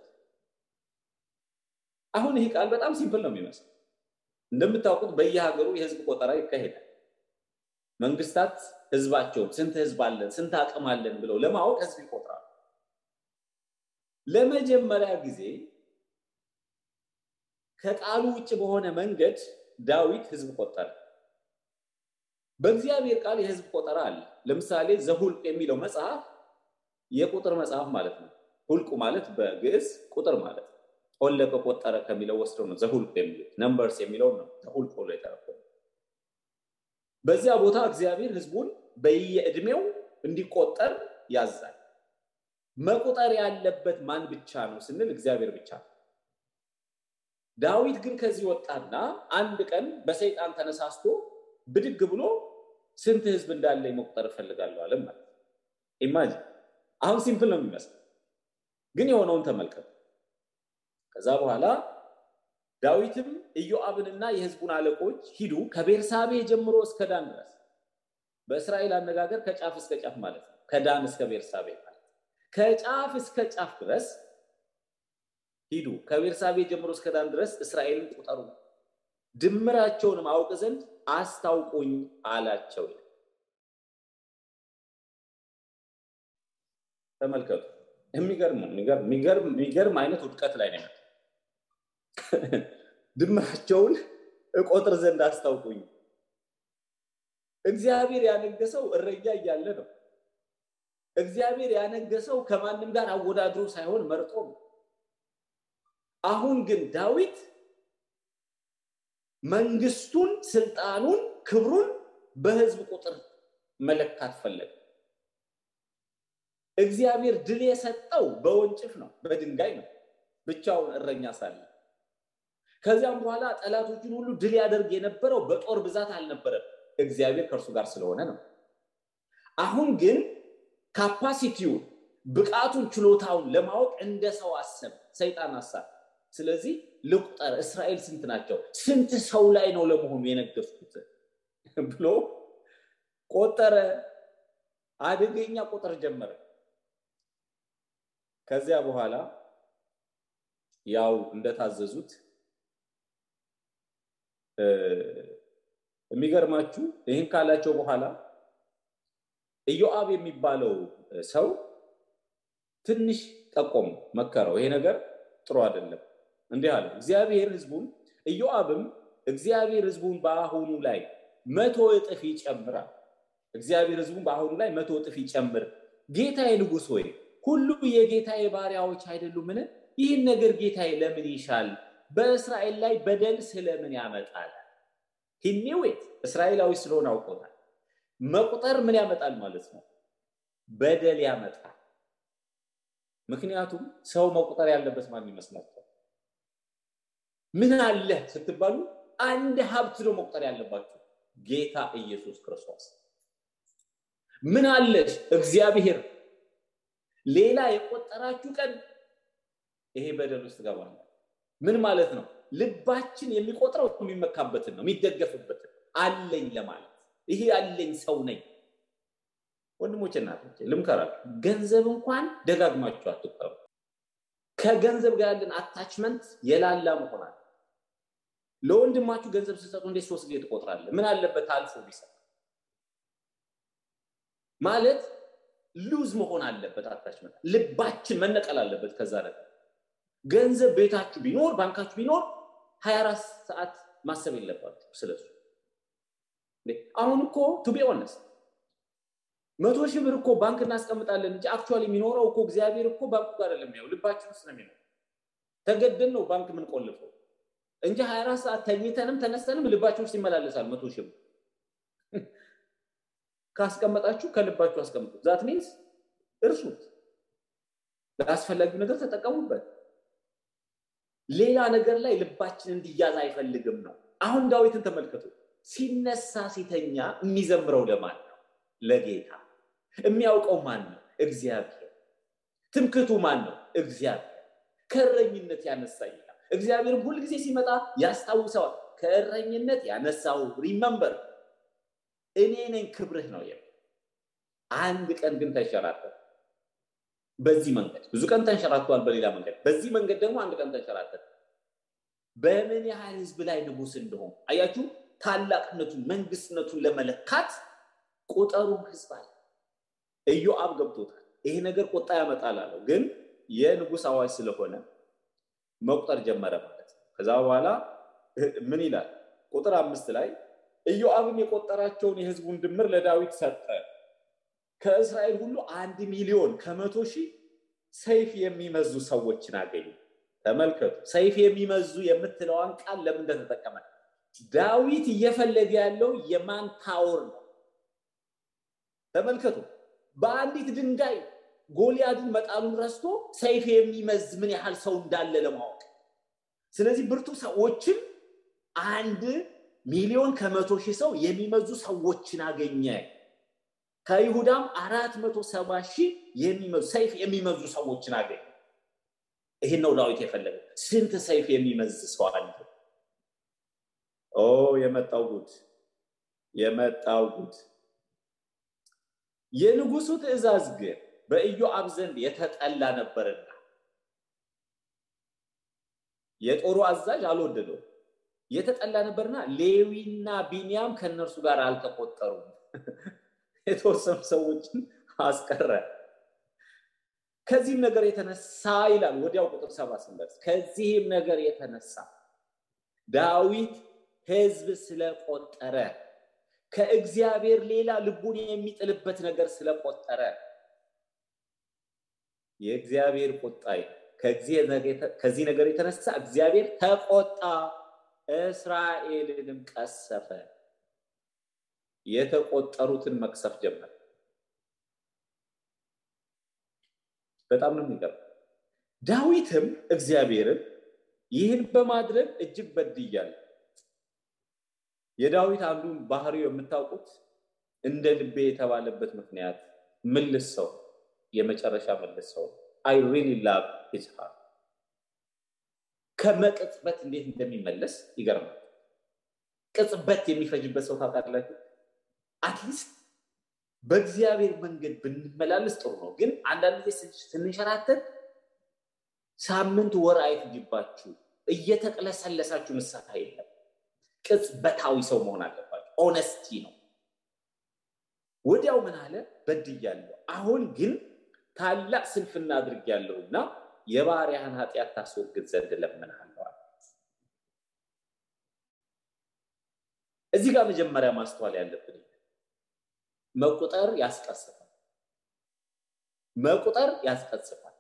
አሁን ይህ ቃል በጣም ሲምፕል ነው የሚመስል። እንደምታውቁት በየሀገሩ የህዝብ ቆጠራ ይካሄዳል። መንግስታት ህዝባቸውን ስንት ህዝብ አለን ስንት አቅም አለን ብለው ለማወቅ ህዝብ ይቆጥራል። ለመጀመሪያ ጊዜ ከቃሉ ውጭ በሆነ መንገድ ዳዊት ህዝብ ቆጠረ። በእግዚአብሔር ቃል የህዝብ ቆጠራ አለ። ለምሳሌ ዘሁልቅ የሚለው መጽሐፍ የቁጥር መጽሐፍ ማለት ነው። ሁልቁ ማለት በግዕዝ ቁጥር ማለት ነው። ሆለቀ ቆጠረ ከሚለው ወስዶ ነው ዘሁልቅ የሚሉት። ነምበርስ የሚለው ነው ተሁልቆ ብሎ የተረጎመው። በዚያ ቦታ እግዚአብሔር ህዝቡን በየእድሜው እንዲቆጠር ያዛል። መቁጠር ያለበት ማን ብቻ ነው ስንል እግዚአብሔር ብቻ ነው። ዳዊት ግን ከዚህ ወጣና አንድ ቀን በሰይጣን ተነሳስቶ ብድግ ብሎ ስንት ህዝብ እንዳለ መቁጠር እፈልጋለሁ አለ ማለት ኢማጂን። አሁን ሲምፕል ነው የሚመስለው፣ ግን የሆነውን ተመልከቱ። ከዛ በኋላ ዳዊትም ኢዮአብንና የህዝቡን አለቆች ሂዱ ከቤርሳቤ ጀምሮ እስከ ዳን ድረስ፣ በእስራኤል አነጋገር ከጫፍ እስከ ጫፍ ማለት ነው፣ ከዳን እስከ ቤርሳቤ ከጫፍ እስከ ጫፍ ድረስ ሂዱ፣ ከቤርሳቤ ጀምሮ እስከ ዳን ድረስ እስራኤልን ቁጠሩ፣ ድምራቸውንም አውቅ ዘንድ አስታውቁኝ አላቸው። ተመልከቱ። የሚገርም አይነት ውድቀት ላይ ነው። ድምራቸውን እቆጥር ዘንድ አስታውቁኝ። እግዚአብሔር ያነገሰው እረያ እያለ ነው። እግዚአብሔር ያነገሰው ከማንም ጋር አወዳድሮ ሳይሆን መርጦ ነው። አሁን ግን ዳዊት መንግስቱን፣ ስልጣኑን፣ ክብሩን በህዝብ ቁጥር መለካት ፈለገ። እግዚአብሔር ድል የሰጠው በወንጭፍ ነው፣ በድንጋይ ነው፣ ብቻውን እረኛ ሳለ። ከዚያም በኋላ ጠላቶችን ሁሉ ድል ያደርግ የነበረው በጦር ብዛት አልነበረም፣ እግዚአብሔር ከእርሱ ጋር ስለሆነ ነው። አሁን ግን ካፓሲቲውን ብቃቱን ችሎታውን ለማወቅ እንደ ሰው አሰብ ሰይጣን አሳብ ስለዚህ ልቁጠር እስራኤል ስንት ናቸው ስንት ሰው ላይ ነው ለመሆኑ የነገሱት ብሎ ቆጠረ አደገኛ ቁጥር ጀመረ ከዚያ በኋላ ያው እንደታዘዙት የሚገርማችሁ ይህን ካላቸው በኋላ ኢዮአብ የሚባለው ሰው ትንሽ ጠቆም መከረው። ይሄ ነገር ጥሩ አይደለም። እንዲህ አለ እግዚአብሔር ህዝቡን ኢዮአብም እግዚአብሔር ህዝቡን በአሁኑ ላይ መቶ እጥፍ ይጨምራል። እግዚአብሔር ህዝቡን በአሁኑ ላይ መቶ እጥፍ ይጨምር። ጌታዬ ንጉሥ ወይ ሁሉ የጌታዬ ባሪያዎች አይደሉምን? ይህን ነገር ጌታዬ ለምን ይሻል? በእስራኤል ላይ በደል ስለምን ያመጣል? ሂኒዌት እስራኤላዊ ስለሆን አውቆታል። መቁጠር ምን ያመጣል ማለት ነው? በደል ያመጣል። ምክንያቱም ሰው መቁጠር ያለበት ማን ይመስላችኋል? ምን አለ ስትባሉ አንድ ሀብት ነው መቁጠር ያለባቸው ጌታ ኢየሱስ ክርስቶስ። ምን አለሽ? እግዚአብሔር። ሌላ የቆጠራችሁ ቀን ይሄ በደል ውስጥ ገባል ምን ማለት ነው? ልባችን የሚቆጥረው የሚመካበትን ነው፣ የሚደገፍበትን አለኝ ለማለት ይሄ ያለኝ ሰው ነኝ። ወንድሞች እናቶች ልምከራ ገንዘብ እንኳን ደጋግማችሁ አትቀሩ ከገንዘብ ጋር ያለን አታችመንት የላላ መሆናል። ለወንድማችሁ ገንዘብ ስሰጡ እንዴት ሶስት ጊዜ ትቆጥራለ? ምን አለበት አልፎ ቢሰጥ ማለት ሉዝ መሆን አለበት። አታችመንት ልባችን መነቀል አለበት። ከዛ ነገር ገንዘብ ቤታችሁ ቢኖር ባንካችሁ ቢኖር 24 አራት ሰዓት ማሰብ የለባችሁ ስለሱ አሁን እኮ ቱቢ ኦነስ መቶ ሺህ ብር እኮ ባንክ እናስቀምጣለን እንጂ አክቹዋሊ የሚኖረው እኮ እግዚአብሔር እኮ ባንኩ ጋር ለሚያው ልባችን ውስጥ ነው የሚኖረው። ተገደን ነው ባንክ ምን ቆልፈው? እንጂ 24 ሰዓት ተኝተንም ተነስተንም ልባችን ውስጥ ይመላለሳል መቶ ሺህ ብር ካስቀመጣችሁ ከልባችሁ አስቀምጡ ዛት ሚንስ እርሱት፣ ለአስፈላጊው ነገር ተጠቀሙበት። ሌላ ነገር ላይ ልባችን እንዲያዝ አይፈልግም ነው። አሁን ዳዊትን ተመልከቱ። ሲነሳ ሲተኛ የሚዘምረው ለማን ነው? ለጌታ። የሚያውቀው ማን ነው? እግዚአብሔር። ትምክቱ ማን ነው? እግዚአብሔር። ከእረኝነት ጌታ እግዚአብሔርም ሁልጊዜ ሲመጣ ያስታውሰዋል። ከእረኝነት ያነሳው ሪመምበር እኔ ነኝ ክብርህ ነው የሚል አንድ ቀን ግን ተንሸራተተ። በዚህ መንገድ ብዙ ቀን ተንሸራተዋል፣ በሌላ መንገድ፣ በዚህ መንገድ ደግሞ አንድ ቀን ተንሸራተተ። በምን ያህል ህዝብ ላይ ንጉስ እንደሆን አያችሁ። ታላቅነቱን መንግስትነቱን ለመለካት ቁጠሩን ህዝብ አለ ኢዮአብ ገብቶታል ይሄ ነገር ቁጣ ያመጣል አለው ግን የንጉስ አዋጅ ስለሆነ መቁጠር ጀመረ ማለት ነው ከዛ በኋላ ምን ይላል ቁጥር አምስት ላይ ኢዮአብም የቆጠራቸውን የህዝቡን ድምር ለዳዊት ሰጠ ከእስራኤል ሁሉ አንድ ሚሊዮን ከመቶ ሺህ ሰይፍ የሚመዙ ሰዎችን አገኙ ተመልከቱ ሰይፍ የሚመዙ የምትለዋን ቃል ለምን እንደተጠቀመ ዳዊት እየፈለገ ያለው የማን ታወር ነው? ተመልከቱ። በአንዲት ድንጋይ ጎልያድን መጣሉን ረስቶ ሰይፍ የሚመዝ ምን ያህል ሰው እንዳለ ለማወቅ ስለዚህ ብርቱ ሰዎችን አንድ ሚሊዮን ከመቶ ሺህ ሰው የሚመዙ ሰዎችን አገኘ። ከይሁዳም አራት መቶ ሰባ ሺህ የሚመዙ ሰይፍ የሚመዙ ሰዎችን አገኘ። ይህን ነው ዳዊት የፈለገ ስንት ሰይፍ የሚመዝ ሰው አለ? ኦ የመጣው ጉድ የመጣው ጉድ የንጉሱ ትእዛዝ ግን በኢዮአብ ዘንድ የተጠላ ነበርና የጦሩ አዛዥ አልወደደው የተጠላ ነበርና ሌዊና ቢንያም ከነርሱ ጋር አልተቆጠሩም የተወሰኑ ሰዎችን አስቀረ ከዚህም ነገር የተነሳ ይላል ወዲያው ቁጥር ሰባ ስንደርስ ከዚህም ነገር የተነሳ ዳዊት ህዝብ ስለቆጠረ ከእግዚአብሔር ሌላ ልቡን የሚጥልበት ነገር ስለቆጠረ የእግዚአብሔር ቁጣይ ከዚህ ነገር የተነሳ እግዚአብሔር ተቆጣ፣ እስራኤልንም ቀሰፈ። የተቆጠሩትን መቅሰፍ ጀመር። በጣም ነው የሚገርም። ዳዊትም እግዚአብሔርን ይህን በማድረግ እጅግ በድያለሁ የዳዊት አንዱን ባህሪ የምታውቁት እንደ ልቤ የተባለበት ምክንያት ምልስ ሰው የመጨረሻ ምልስ ሰው አይ ሪሊ ላቭ ሂዝ ሃርት ከመቅጽበት እንዴት እንደሚመለስ ይገርማል። ቅጽበት የሚፈጅበት ሰው ታውቃላችሁ። አትሊስት በእግዚአብሔር መንገድ ብንመላለስ ጥሩ ነው። ግን አንዳንድ ጊዜ ስንሸራተን ሳምንት ወር አይፍጅባችሁ፣ እየተቅለሰለሳችሁ ምሳታ የለም ቅጽበታዊ ሰው መሆን አለባቸው። ኦነስቲ ነው። ወዲያው ምን አለ? በድያለሁ፣ አሁን ግን ታላቅ ስንፍና አድርጌያለሁና የባሪያህን ኃጢአት ታስወግድ ዘንድ እለምንሃለሁ። እዚህ ጋር መጀመሪያ ማስተዋል ያለብን መቁጠር ያስቀስፋል። መቁጠር ያስቀስፋል።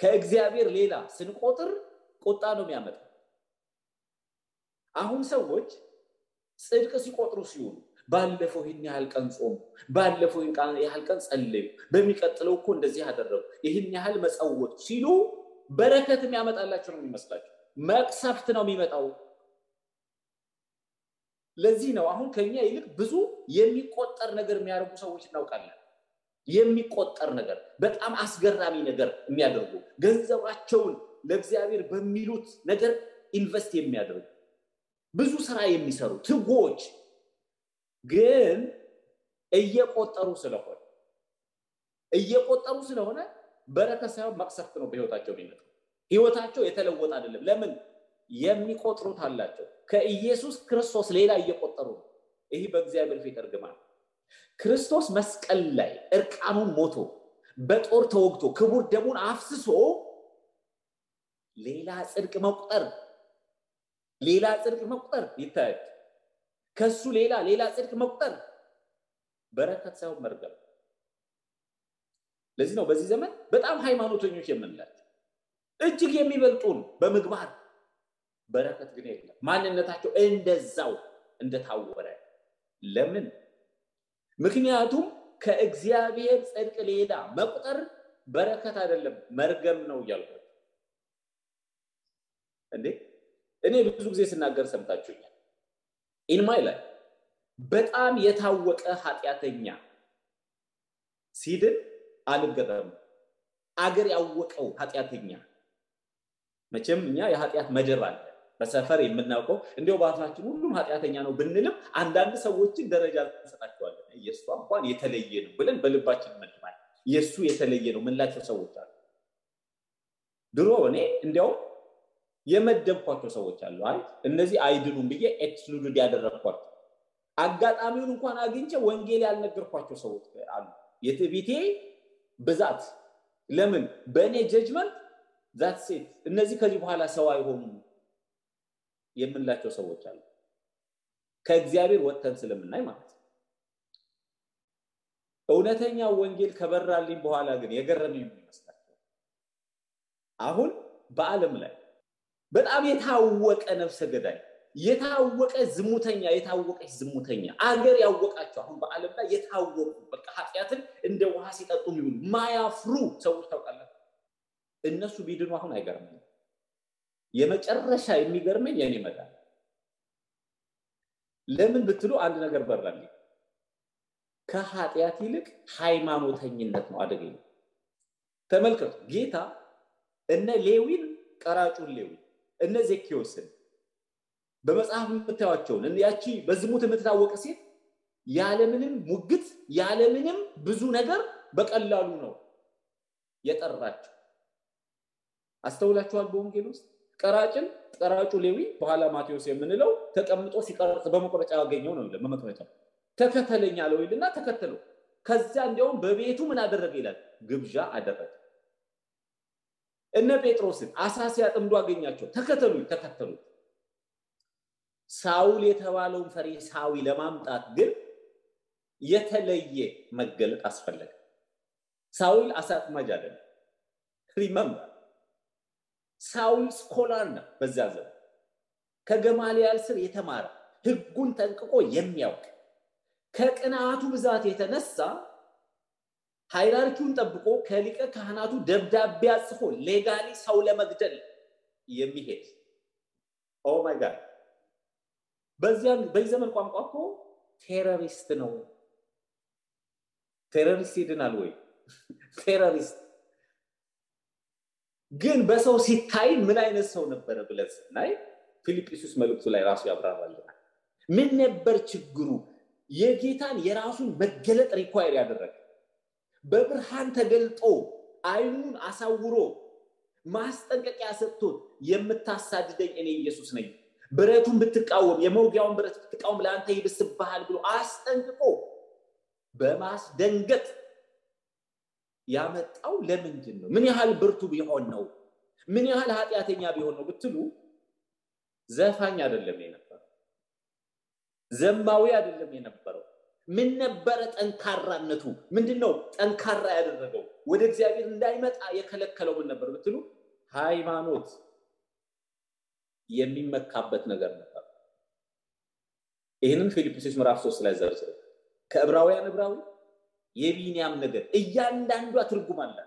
ከእግዚአብሔር ሌላ ስንቆጥር ቁጣ ነው የሚያመጣው። አሁን ሰዎች ጽድቅ ሲቆጥሩ ሲሆኑ ባለፈው ይህን ያህል ቀን ጾሙ፣ ባለፈው ያህል ቀን ጸለዩ፣ በሚቀጥለው እኮ እንደዚህ አደረጉ፣ ይህን ያህል መጸወቱ ሲሉ በረከት የሚያመጣላቸው ነው የሚመስላቸው። መቅሰፍት ነው የሚመጣው። ለዚህ ነው አሁን ከኛ ይልቅ ብዙ የሚቆጠር ነገር የሚያደርጉ ሰዎች እናውቃለን። የሚቆጠር ነገር፣ በጣም አስገራሚ ነገር የሚያደርጉ ገንዘባቸውን ለእግዚአብሔር በሚሉት ነገር ኢንቨስት የሚያደርጉ ብዙ ስራ የሚሰሩ ትጎች ግን እየቆጠሩ ስለሆነ እየቆጠሩ ስለሆነ በረከት ሳይሆን መቅሰፍት ነው በህይወታቸው የሚመጣው። ህይወታቸው የተለወጠ አይደለም። ለምን የሚቆጥሩት አላቸው። ከኢየሱስ ክርስቶስ ሌላ እየቆጠሩ ነው። ይህ በእግዚአብሔር ፊት እርግማል። ክርስቶስ መስቀል ላይ እርቃኑን ሞቶ በጦር ተወግቶ ክቡር ደሙን አፍስሶ ሌላ ጽድቅ መቁጠር ሌላ ጽድቅ መቁጠር ይታያል። ከሱ ሌላ ሌላ ጽድቅ መቁጠር በረከት ሳይሆን መርገም። ለዚህ ነው በዚህ ዘመን በጣም ሃይማኖተኞች የምንላቸው እጅግ የሚበልጡን በምግባር በረከት ግን የለም። ማንነታቸው እንደዛው እንደታወረ። ለምን? ምክንያቱም ከእግዚአብሔር ጽድቅ ሌላ መቁጠር በረከት አይደለም፣ መርገም ነው እያልኩ እንዴ እኔ ብዙ ጊዜ ስናገር ሰምታችሁኛል። ኢንማይ ላይ በጣም የታወቀ ኃጢአተኛ ሲድን አልገጠም አገር ያወቀው ኃጢአተኛ መቼም እኛ የኃጢአት መድር አለ በሰፈር የምናውቀው እንዲያው በአፍራችን ሁሉም ኃጢአተኛ ነው ብንልም አንዳንድ ሰዎችን ደረጃ እንሰጣቸዋለን። ኢየሱስ እንኳን የተለየ ነው ብለን በልባችን መድማል የእሱ የተለየ ነው ምንላቸው ሰዎች አሉ። ድሮ እኔ እንዲያውም የመደብኳቸው ሰዎች አሉ። አይ እነዚህ አይድኑም ብዬ ኤክስሉድድ ያደረግኳቸው አጋጣሚውን እንኳን አግኝቼ ወንጌል ያልነገርኳቸው ሰዎች አሉ። የትቢቴ ብዛት ለምን በእኔ ጀጅመንት ዛት ሴት እነዚህ ከዚህ በኋላ ሰው አይሆኑም የምንላቸው ሰዎች አሉ። ከእግዚአብሔር ወጥተን ስለምናይ ማለት ነው። እውነተኛ ወንጌል ከበራልኝ በኋላ ግን የገረመ ምን አሁን በአለም ላይ በጣም የታወቀ ነፍሰ ገዳይ የታወቀ ዝሙተኛ የታወቀች ዝሙተኛ አገር ያወቃቸው አሁን በአለም ላይ የታወቁ በቃ ኃጢአትን እንደ ውሃ ሲጠጡ የሚውሉ ማያፍሩ ሰዎች ታውቃለ? እነሱ ቢድኑ አሁን አይገርመኝ የመጨረሻ የሚገርመኝ የኔ መዳን ለምን ብትሉ አንድ ነገር በራል ከኃጢአት ይልቅ ሃይማኖተኝነት ነው አደገኝ ተመልከቱ ጌታ እነ ሌዊን ቀራጩን ሌዊ እነ ዜኬዎስን በመጽሐፍ የምታዩቸውን ያቺ በዝሙት የምትታወቅ ሴት ያለምንም ሙግት ያለምንም ብዙ ነገር በቀላሉ ነው የጠራቸው። አስተውላችኋል? በወንጌል ውስጥ ቀራጭን ቀራጩ ሌዊ በኋላ ማቴዎስ የምንለው ተቀምጦ ሲቀርጽ በመቁረጫ ያገኘው ነው ይላል። በመቁረጫ ተከተለኝ አለው ይልና ተከተለው። ከዛ እንዲያውም በቤቱ ምን አደረገ ይላል ግብዣ አደረገ። እነ ጴጥሮስን አሳ ሲያጠምዱ አገኛቸው። ተከተሉ ተከተሉት። ሳውል የተባለውን ፈሪሳዊ ለማምጣት ግን የተለየ መገለጥ አስፈለገ። ሳውል አሳ አጥማጅ አይደለም። ሪመምበር ሳውል ስኮላር ነው። በዛ ዘመን ከገማሊያል ስር የተማረ ህጉን ጠንቅቆ የሚያውቅ ከቅንዓቱ ብዛት የተነሳ ሃይራርኪውን ጠብቆ ከሊቀ ካህናቱ ደብዳቤ አጽፎ ሌጋሊ ሰው ለመግደል የሚሄድ ኦ ማይ ጋድ በዚህ ዘመን ቋንቋ እኮ ቴሮሪስት ነው ቴሮሪስት ይድናል ወይ ቴሮሪስት ግን በሰው ሲታይ ምን አይነት ሰው ነበረ ብለን ስናይ ፊልጵስስ መልእክቱ ላይ ራሱ ያብራራልናል ምን ነበር ችግሩ የጌታን የራሱን መገለጥ ሪኳየር ያደረገ በብርሃን ተገልጦ አይኑን አሳውሮ ማስጠንቀቂያ ሰጥቶት የምታሳድደኝ እኔ ኢየሱስ ነኝ ብረቱን ብትቃወም የመውጊያውን ብረት ብትቃወም ለአንተ ይብስብሃል ብሎ አስጠንቅቆ በማስደንገጥ ያመጣው ለምንድን ነው ምን ያህል ብርቱ ቢሆን ነው ምን ያህል ኃጢአተኛ ቢሆን ነው ብትሉ ዘፋኝ አይደለም የነበረው ዘማዊ አይደለም የነበረው ምን ነበረ ጠንካራነቱ? ምንድን ነው ጠንካራ ያደረገው? ወደ እግዚአብሔር እንዳይመጣ የከለከለው ምን ነበር ብትሉ ሃይማኖት የሚመካበት ነገር ነበር። ይህንን ፊልጵስዩስ ምዕራፍ ሶስት ላይ ዘርዝር ከዕብራውያን ዕብራዊ የቢንያም ነገድ እያንዳንዷ ትርጉም አለ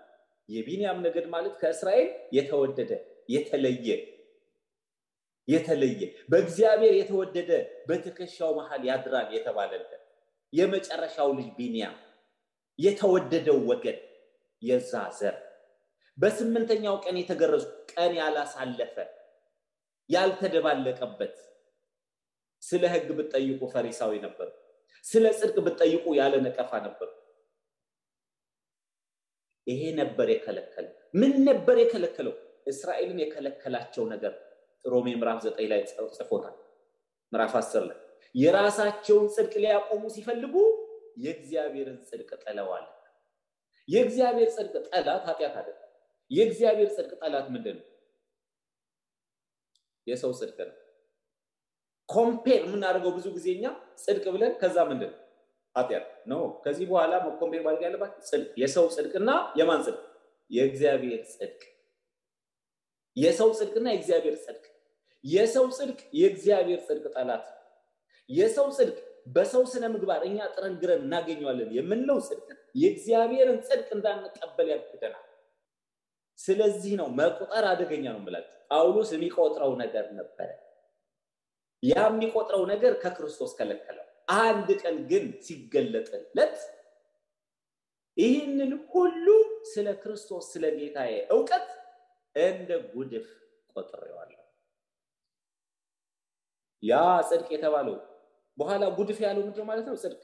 የቢንያም ነገድ ማለት ከእስራኤል የተወደደ የተለየ የተለየ በእግዚአብሔር የተወደደ በትከሻው መሃል ያድራል የተባለለ የመጨረሻው ልጅ ቢንያም የተወደደው ወገን የዛ ዘር በስምንተኛው ቀን የተገረዙ ቀን ያላሳለፈ ያልተደባለቀበት ስለ ህግ ብጠይቁ ፈሪሳዊ ነበሩ ስለ ጽድቅ ብጠይቁ ያለ ነቀፋ ነበሩ ይሄ ነበር የከለከለው ምን ነበር የከለከለው እስራኤልን የከለከላቸው ነገር ሮሜ ምራፍ ዘጠኝ ላይ ጽፎታል ምዕራፍ አስር ላይ የራሳቸውን ጽድቅ ሊያቆሙ ሲፈልጉ የእግዚአብሔርን ጽድቅ ጠለዋል። የእግዚአብሔር ጽድቅ ጠላት ኃጢአት አለ። የእግዚአብሔር ጽድቅ ጠላት ምንድን ነው? የሰው ጽድቅ ነው። ኮምፔር የምናደርገው ብዙ ጊዜ እኛ ጽድቅ ብለን ከዛ ምንድን ነው ኃጢአት ነው። ከዚህ በኋላ መኮምፔር ማድረግ ያለባቸው ጽድቅ የሰው ጽድቅና የማን ጽድቅ? የእግዚአብሔር ጽድቅ። የሰው ጽድቅና የእግዚአብሔር ጽድቅ። የሰው ጽድቅ የእግዚአብሔር ጽድቅ ጠላት የሰው ጽድቅ በሰው ስነ ምግባር እኛ ጥረን ግረን እናገኘዋለን የምንለው ጽድቅ የእግዚአብሔርን ጽድቅ እንዳንቀበል ያግደናል። ስለዚህ ነው መቁጠር አደገኛ ነው ብላችሁ ጳውሎስ የሚቆጥረው ነገር ነበረ። ያ የሚቆጥረው ነገር ከክርስቶስ ከለከለው። አንድ ቀን ግን ሲገለጥለት ይህንን ሁሉ ስለ ክርስቶስ ስለ ጌታዬ እውቀት እንደ ጉድፍ ቆጥሬዋለሁ። ያ ጽድቅ የተባለው በኋላ ጉድፍ ያለው ምድር ማለት ነው? ጽድቅ።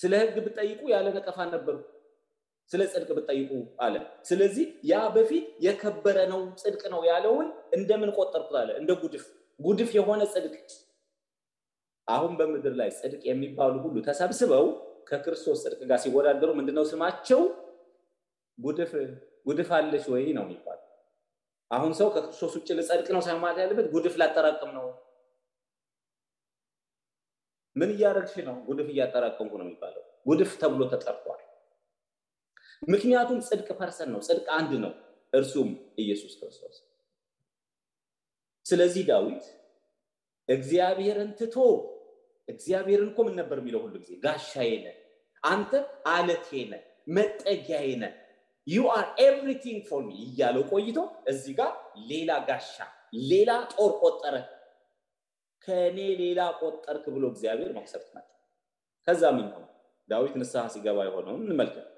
ስለ ህግ ብጠይቁ ያለ ነቀፋ ነበሩ፣ ስለ ጽድቅ ብጠይቁ አለ። ስለዚህ ያ በፊት የከበረ ነው ጽድቅ ነው ያለውን እንደምን ቆጠርኩት አለ? እንደ ጉድፍ ጉድፍ የሆነ ጽድቅ። አሁን በምድር ላይ ጽድቅ የሚባሉ ሁሉ ተሰብስበው ከክርስቶስ ጽድቅ ጋር ሲወዳደሩ ምንድነው ስማቸው? ጉድፍ ጉድፍ አለች ወይ ነው የሚባለው። አሁን ሰው ከክርስቶስ ውጭ ልጸድቅ ነው ሳይማለት ያለበት ጉድፍ ላጠራቅም ነው ምን እያደረግሽ ነው? ጉድፍ እያጠራቀምኩ ነው የሚባለው። ጉድፍ ተብሎ ተጠርቷል። ምክንያቱም ጽድቅ ፐርሰን ነው፣ ጽድቅ አንድ ነው፣ እርሱም ኢየሱስ ክርስቶስ። ስለዚህ ዳዊት እግዚአብሔርን ትቶ እግዚአብሔርን እኮ ምን ነበር የሚለው ሁሉ ጊዜ ጋሻዬ ነህ አንተ አለቴ ነህ መጠጊያዬ ነህ ዩ አር ኤቭሪቲንግ ፎር ሚ እያለው ቆይቶ እዚህ ጋር ሌላ ጋሻ ሌላ ጦር ቆጠረ ከእኔ ሌላ ቆጠርክ ብሎ እግዚአብሔር መቅሰፍት መጣ ከዛ ምን ሆነ? ዳዊት ንስሐ ሲገባ የሆነውን እንመልከት።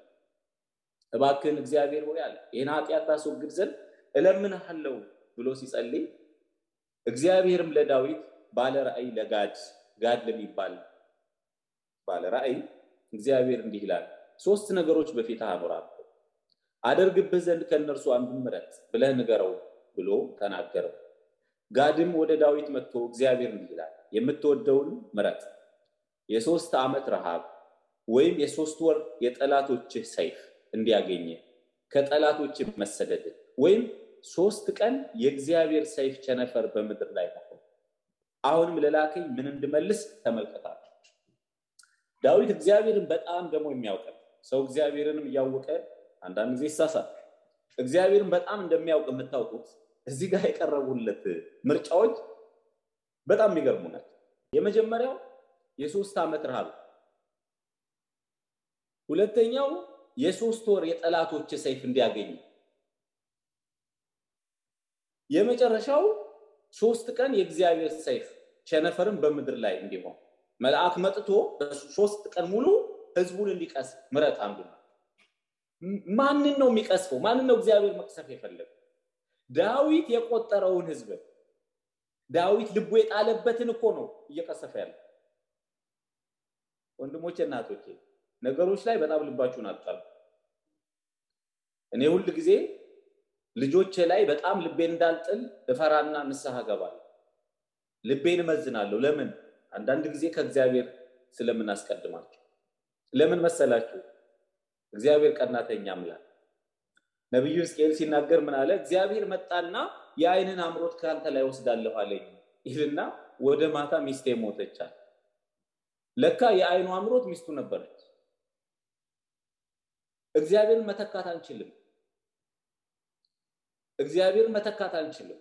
እባክን እግዚአብሔር ሆይ አለ ይህን ኃጢአት ታስወግድ ዘንድ እለምንሃለው ብሎ ሲጸልይ እግዚአብሔርም ለዳዊት ባለ ራእይ ለጋድ ጋድ ለሚባል ባለ ራእይ እግዚአብሔር እንዲህ ይላል፣ ሶስት ነገሮች በፊት አኖራለሁ አደርግብህ ዘንድ ከእነርሱ አንዱ ምረት ብለህ ንገረው ብሎ ተናገረው። ጋድም ወደ ዳዊት መጥቶ እግዚአብሔር እንዲህ ይላል የምትወደውን ምረጥ የሶስት ዓመት ረሃብ ወይም የሶስት ወር የጠላቶችህ ሰይፍ እንዲያገኘ ከጠላቶች መሰደድ ወይም ሶስት ቀን የእግዚአብሔር ሰይፍ ቸነፈር በምድር ላይ ተፈ አሁንም ለላከኝ ምን እንድመልስ ተመልከታል ዳዊት እግዚአብሔርን በጣም ደግሞ የሚያውቀ ሰው እግዚአብሔርንም እያወቀ አንዳንድ ጊዜ ይሳሳል እግዚአብሔርን በጣም እንደሚያውቅ የምታውቁት እዚህ ጋር የቀረቡለት ምርጫዎች በጣም የሚገርሙ ናቸው። የመጀመሪያው የሶስት ዓመት ረሃብ፣ ሁለተኛው የሶስት ወር የጠላቶች ሰይፍ እንዲያገኙ፣ የመጨረሻው ሶስት ቀን የእግዚአብሔር ሰይፍ ቸነፈርን በምድር ላይ እንዲሆን መልአክ መጥቶ ሶስት ቀን ሙሉ ህዝቡን እንዲቀስፍ ምረጥ አንዱ ነው። ማንን ነው የሚቀስፈው? ማንን ነው እግዚአብሔር መቅሰፍ የፈለገው? ዳዊት የቆጠረውን ህዝብ ዳዊት ልቦ የጣለበትን እኮ ነው እየቀሰፈ ያለ። ወንድሞቼ እናቶቼ፣ ነገሮች ላይ በጣም ልባችሁን አጣሉ። እኔ ሁል ጊዜ ልጆቼ ላይ በጣም ልቤን እንዳልጥል እፈራና ንስሐ ገባል ልቤን እመዝናለሁ። ለምን? አንዳንድ ጊዜ ከእግዚአብሔር ስለምናስቀድማቸው። ለምን መሰላችሁ? እግዚአብሔር ቀናተኛ አምላክ ነቢዩ ሕዝቅኤል ሲናገር ምን አለ? እግዚአብሔር መጣና የአይንን አምሮት ከአንተ ላይ ወስዳለሁ አለኝ ይልና ወደ ማታ ሚስቴ ሞተቻል። ለካ የአይኑ አምሮት ሚስቱ ነበረች። እግዚአብሔር መተካት አንችልም። እግዚአብሔርን መተካት አንችልም።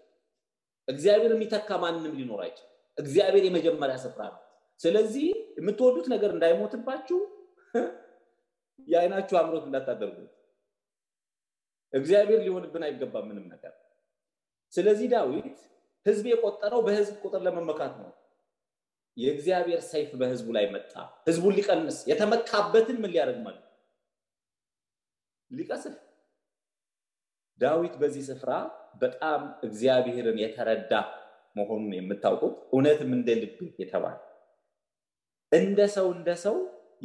እግዚአብሔር የሚተካ ማንም ሊኖር አይችል እግዚአብሔር የመጀመሪያ ስፍራ ነው። ስለዚህ የምትወዱት ነገር እንዳይሞትባችሁ የአይናችሁ አምሮት እንዳታደርጉት እግዚአብሔር ሊሆንብን አይገባም ምንም ነገር። ስለዚህ ዳዊት ህዝብ የቆጠረው በህዝብ ቁጥር ለመመካት ነው። የእግዚአብሔር ሰይፍ በህዝቡ ላይ መጣ፣ ህዝቡን ሊቀንስ የተመካበትን ምን ሊያደርግ ማለት ሊቀስፍ። ዳዊት በዚህ ስፍራ በጣም እግዚአብሔርን የተረዳ መሆኑን የምታውቁት እውነትም እንደ ልብ የተባለ እንደ ሰው እንደ ሰው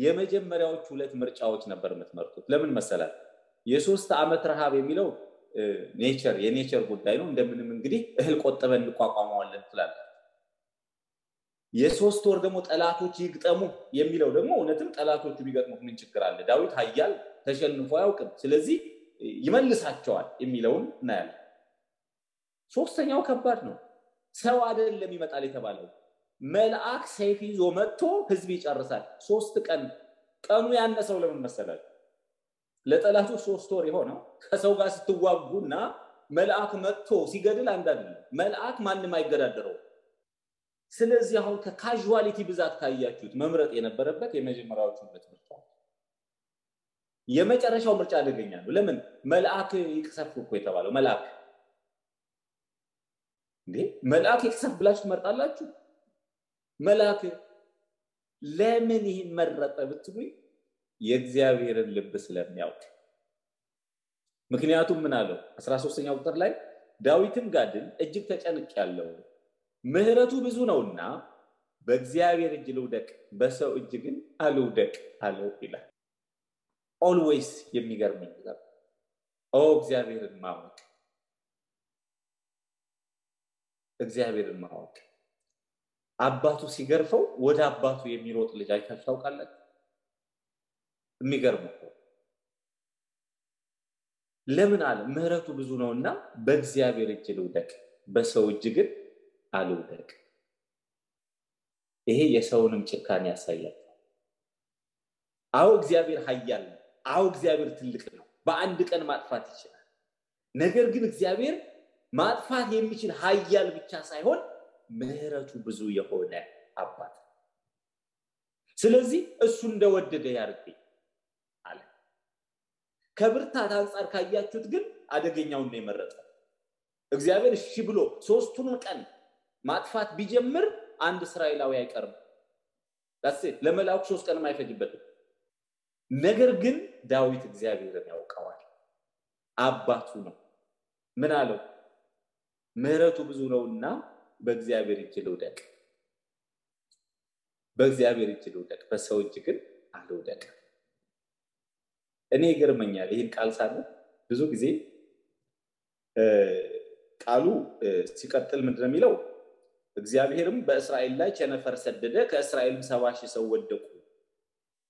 የመጀመሪያዎች ሁለት ምርጫዎች ነበር የምትመርጡት። ለምን መሰላል? የሶስት ዓመት ረሃብ የሚለው ኔቸር የኔቸር ጉዳይ ነው። እንደምንም እንግዲህ እህል ቆጥበን እንቋቋመዋለን ትላለህ። የሶስት ወር ደግሞ ጠላቶች ይግጠሙ የሚለው ደግሞ እውነትም ጠላቶቹ ቢገጥሙት ምን ችግር አለ? ዳዊት ሀያል ተሸንፎ አያውቅም፣ ስለዚህ ይመልሳቸዋል የሚለውን እናያለ ሶስተኛው ከባድ ነው። ሰው አደለም ይመጣል የተባለው መልአክ ሰይፍ ይዞ መጥቶ ህዝብ ይጨርሳል። ሶስት ቀን ቀኑ ያነሰው ለምን መሰላል ለጠላቱ ሶስት ወር የሆነው ከሰው ጋር ስትዋጉና መልአክ መጥቶ ሲገድል አንዳንድ መልአክ ማንም አይገዳደረው። ስለዚህ አሁን ከካዥዋሊቲ ብዛት ካያችሁት መምረጥ የነበረበት የመጀመሪያዎቹ ሁለት ምርጫ የመጨረሻው ምርጫ አደገኛ ነው። ለምን መልአክ ይቅሰፍ እኮ የተባለው መልአክ እንዴ መልአክ ይቅሰፍ ብላችሁ ትመርጣላችሁ? መልአክ ለምን ይህን መረጠ ብትሉኝ የእግዚአብሔርን ልብ ስለሚያውቅ ምክንያቱም ምን አለው 13ኛው ቁጥር ላይ ዳዊትም ጋድን እጅግ ተጨንቅ ያለው ምህረቱ ብዙ ነውና በእግዚአብሔር እጅ ልውደቅ በሰው እጅ ግን አልውደቅ አለው ይላል ኦልዌይስ የሚገርመኝ ነገር ኦ እግዚአብሔርን ማወቅ እግዚአብሔርን ማወቅ አባቱ ሲገርፈው ወደ አባቱ የሚሮጥ ልጅ አይታችሁ ታውቃላችሁ የሚገርም እኮ ለምን አለ ምህረቱ ብዙ እና በእግዚአብሔር እጅ ልውደቅ በሰው እጅ ግን አልውደቅ ይሄ የሰውንም ጭካን ያሳያል አው እግዚአብሔር ሀያል ነው አው እግዚአብሔር ትልቅ ነው በአንድ ቀን ማጥፋት ይችላል ነገር ግን እግዚአብሔር ማጥፋት የሚችል ሀያል ብቻ ሳይሆን ምህረቱ ብዙ የሆነ አባት ስለዚህ እሱ እንደወደደ ያርገ ከብርታት አንጻር ካያችሁት ግን አደገኛውን ነው የመረጠው። እግዚአብሔር እሺ ብሎ ሶስቱን ቀን ማጥፋት ቢጀምር አንድ እስራኤላዊ አይቀርም። ዳሴ ለመላኩ ሶስት ቀንም አይፈጅበትም። ነገር ግን ዳዊት እግዚአብሔርን ያውቀዋል፣ አባቱ ነው። ምን አለው? ምህረቱ ብዙ ነውና በእግዚአብሔር እጅ ልውደቅ፣ በእግዚአብሔር እጅ ልውደቅ፣ በሰው እጅ ግን አልውደቅም። እኔ ይገርመኛል ይህን ቃል ሳለ ብዙ ጊዜ ቃሉ ሲቀጥል ምንድነው የሚለው እግዚአብሔርም በእስራኤል ላይ ቸነፈር ሰደደ ከእስራኤልም ሰባ ሺህ ሰው ወደቁ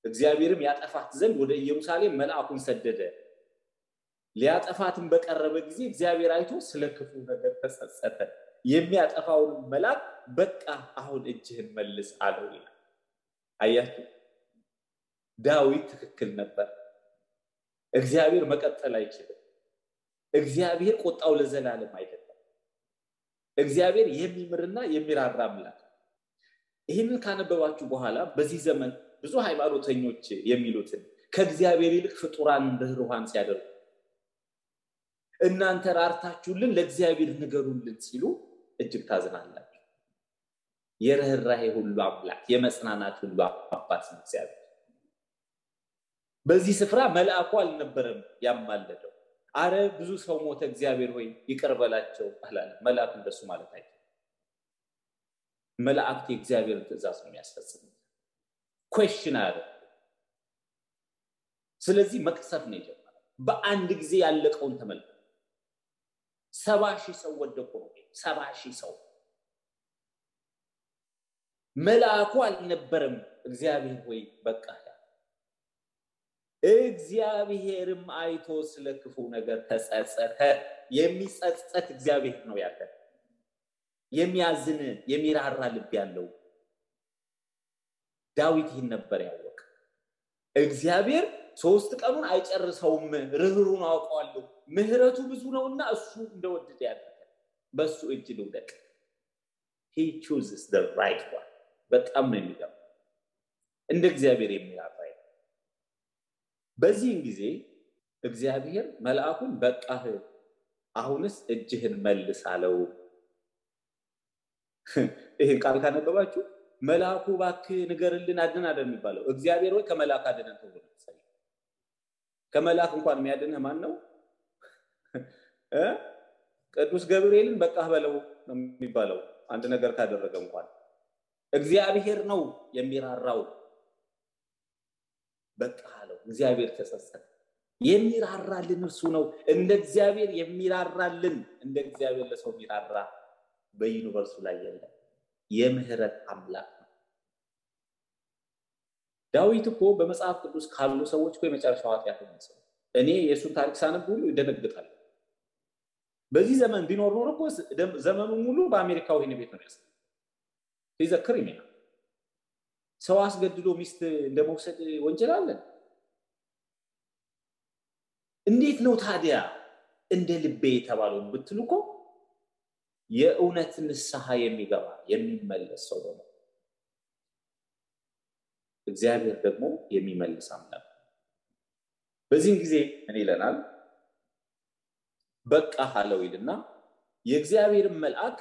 እግዚአብሔርም ያጠፋት ዘንድ ወደ ኢየሩሳሌም መልአኩን ሰደደ ሊያጠፋትን በቀረበ ጊዜ እግዚአብሔር አይቶ ስለ ክፉ ነገር ተጸጸተ የሚያጠፋውን መልአክ በቃ አሁን እጅህን መልስ አለው ይላል አያችሁ ዳዊት ትክክል ነበር እግዚአብሔር መቀጠል አይችልም። እግዚአብሔር ቆጣው ለዘላለም አይደለም። እግዚአብሔር የሚምርና የሚራራ አምላክ። ይህንን ካነበባችሁ በኋላ በዚህ ዘመን ብዙ ሃይማኖተኞች የሚሉትን ከእግዚአብሔር ይልቅ ፍጡራን ርኅሩሃን ሲያደርጉ እናንተ ራርታችሁልን ለእግዚአብሔር ንገሩልን ሲሉ እጅግ ታዝናላችሁ። የርኅራሄ ሁሉ አምላክ የመጽናናት ሁሉ አባት ነው እግዚአብሔር። በዚህ ስፍራ መልአኩ አልነበረም ያማለደው። አረ ብዙ ሰው ሞተ፣ እግዚአብሔር ሆይ ይቀርበላቸው አላለ። መልአክ እንደሱ ማለት አይ መላእክት የእግዚአብሔርን ትእዛዝ ነው የሚያስፈጽሙ ኮሽን አለ። ስለዚህ መቅሰፍ ነው የጀመረ በአንድ ጊዜ ያለቀውን ተመልከ ሰባ ሺህ ሰው ወደቁ ነው ሰባ ሺህ ሰው መልአኩ አልነበረም። እግዚአብሔር ወይ በቃ እግዚአብሔርም አይቶ ስለ ክፉ ነገር ተጸጸተ። የሚጸጸት እግዚአብሔር ነው ያለ የሚያዝን የሚራራ ልብ ያለው ዳዊት ይህን ነበር ያወቅ። እግዚአብሔር ሶስት ቀኑን አይጨርሰውም፣ ርኅሩን አውቀዋለሁ፣ ምህረቱ ብዙ ነውና እሱ እንደወደደ ያደረገ በእሱ እጅ ልውደቅ። ሂ ቹዝስ ራይት በጣም ነው የሚገባ እንደ እግዚአብሔር የሚራራ በዚህም ጊዜ እግዚአብሔር መልአኩን በቃህ፣ አሁንስ እጅህን መልስ አለው። ይህን ቃል ካነበባችሁ መልአኩ ባክ ንገርልን አድን አለ የሚባለው። እግዚአብሔር ወይ ከመልአክ አድነን ተብሎ ከመልአክ እንኳን የሚያድንህ ማን ነው? ቅዱስ ገብርኤልን በቃህ በለው ነው የሚባለው። አንድ ነገር ካደረገ እንኳን እግዚአብሔር ነው የሚራራው። በቃ እግዚአብሔር ተጸጸተ። የሚራራልን እርሱ ነው። እንደ እግዚአብሔር የሚራራልን እንደ እግዚአብሔር ለሰው የሚራራ በዩኒቨርሱ ላይ የለም። የምህረት አምላክ ነው። ዳዊት እኮ በመጽሐፍ ቅዱስ ካሉ ሰዎች እኮ የመጨረሻው ኃጢአት ሰው እኔ የእሱን ታሪክ ሳነብ ሁሉ ይደነግጣል። በዚህ ዘመን ቢኖር ኖር እኮ ዘመኑ ሙሉ በአሜሪካ ወይን ቤት ነው ያስ ሲዘክር ይሜናል። ሰው አስገድዶ ሚስት እንደመውሰድ ወንጀል አለን። እንዴት ነው ታዲያ እንደ ልቤ የተባለው ብትል እኮ የእውነት ንስሐ የሚገባ የሚመለስ ሰው ነው። እግዚአብሔር ደግሞ የሚመልስ አምላክ በዚህን ጊዜ ምን ይለናል? በቃ አለው ይልና የእግዚአብሔርን መልአክ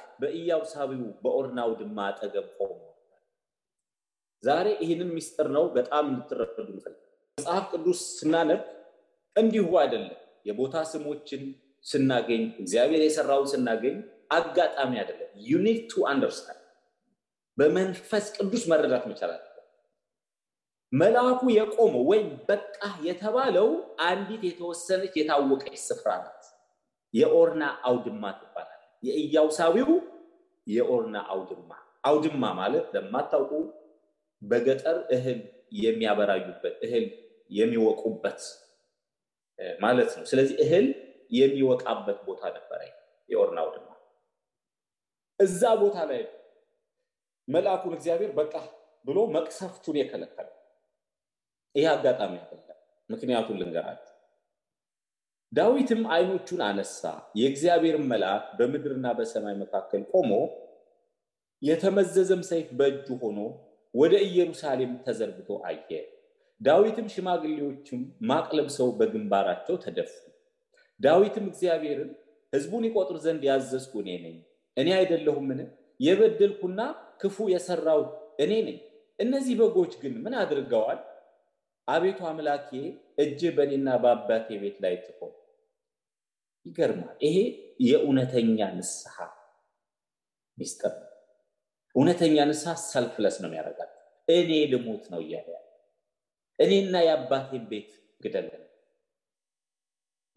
ሳቢው በኦርናው ድማ አጠገብ ቆሞ ዛሬ ይህንን ሚስጥር ነው በጣም እንድትረዱ መጽሐፍ ቅዱስ ስናነብ እንዲሁ አይደለም። የቦታ ስሞችን ስናገኝ እግዚአብሔር የሰራውን ስናገኝ አጋጣሚ አይደለም። ዩኒድ ቱ አንደርስታንድ በመንፈስ ቅዱስ መረዳት መቻላል። መልአኩ የቆመው ወይም በቃ የተባለው አንዲት የተወሰነች የታወቀች ስፍራ ናት። የኦርና አውድማ ትባላል። የእያውሳዊው የኦርና አውድማ አውድማ ማለት ለማታውቁ በገጠር እህል የሚያበራዩበት እህል የሚወቁበት ማለት ነው። ስለዚህ እህል የሚወቃበት ቦታ ነበረ የኦርናው ድማ እዛ ቦታ ላይ መልአኩን እግዚአብሔር በቃ ብሎ መቅሰፍቱን የከለከለው ይህ አጋጣሚ አይደለም። ምክንያቱን ልንገራል ዳዊትም አይኖቹን አነሳ፣ የእግዚአብሔርን መልአክ በምድርና በሰማይ መካከል ቆሞ የተመዘዘም ሰይፍ በእጁ ሆኖ ወደ ኢየሩሳሌም ተዘርግቶ አየ። ዳዊትም ሽማግሌዎችም ማቅ ለብሰው በግንባራቸው ተደፉ። ዳዊትም እግዚአብሔርን ህዝቡን ይቆጥር ዘንድ ያዘዝኩ እኔ ነኝ፣ እኔ አይደለሁምን? የበደልኩና ክፉ የሰራው እኔ ነኝ። እነዚህ በጎች ግን ምን አድርገዋል? አቤቱ አምላኬ እጅ በእኔና በአባቴ ቤት ላይ ትቆም። ይገርማል። ይሄ የእውነተኛ ንስሐ ሚስጥር እውነተኛ ንስሐ ሰልፍለስ ነው የሚያደርጋት። እኔ ልሙት ነው እያለ እኔና የአባቴን ቤት ግደለን።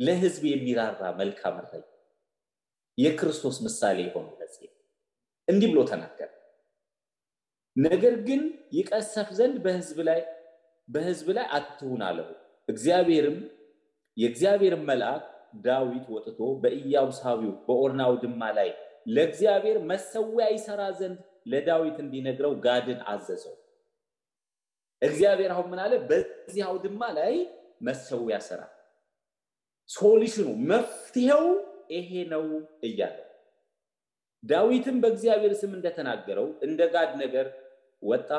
ለህዝብ የሚራራ መልካም እረኛ የክርስቶስ ምሳሌ የሆኑ ለጽ እንዲህ ብሎ ተናገረ። ነገር ግን ይቀሰፍ ዘንድ በህዝብ ላይ በህዝብ ላይ አትሁን አለው። እግዚአብሔርም የእግዚአብሔር መልአክ ዳዊት ወጥቶ በኢያቡሳዊው በኦርናው ድማ ላይ ለእግዚአብሔር መሰዊያ ይሰራ ዘንድ ለዳዊት እንዲነግረው ጋድን አዘዘው። እግዚአብሔር አሁን ምን አለ? በዚህ አውድማ ላይ መሰዊያ ስራ። ሶሉሽኑ መፍትሄው ይሄ ነው እያለ ዳዊትም በእግዚአብሔር ስም እንደተናገረው እንደ ጋድ ነገር ወጣ።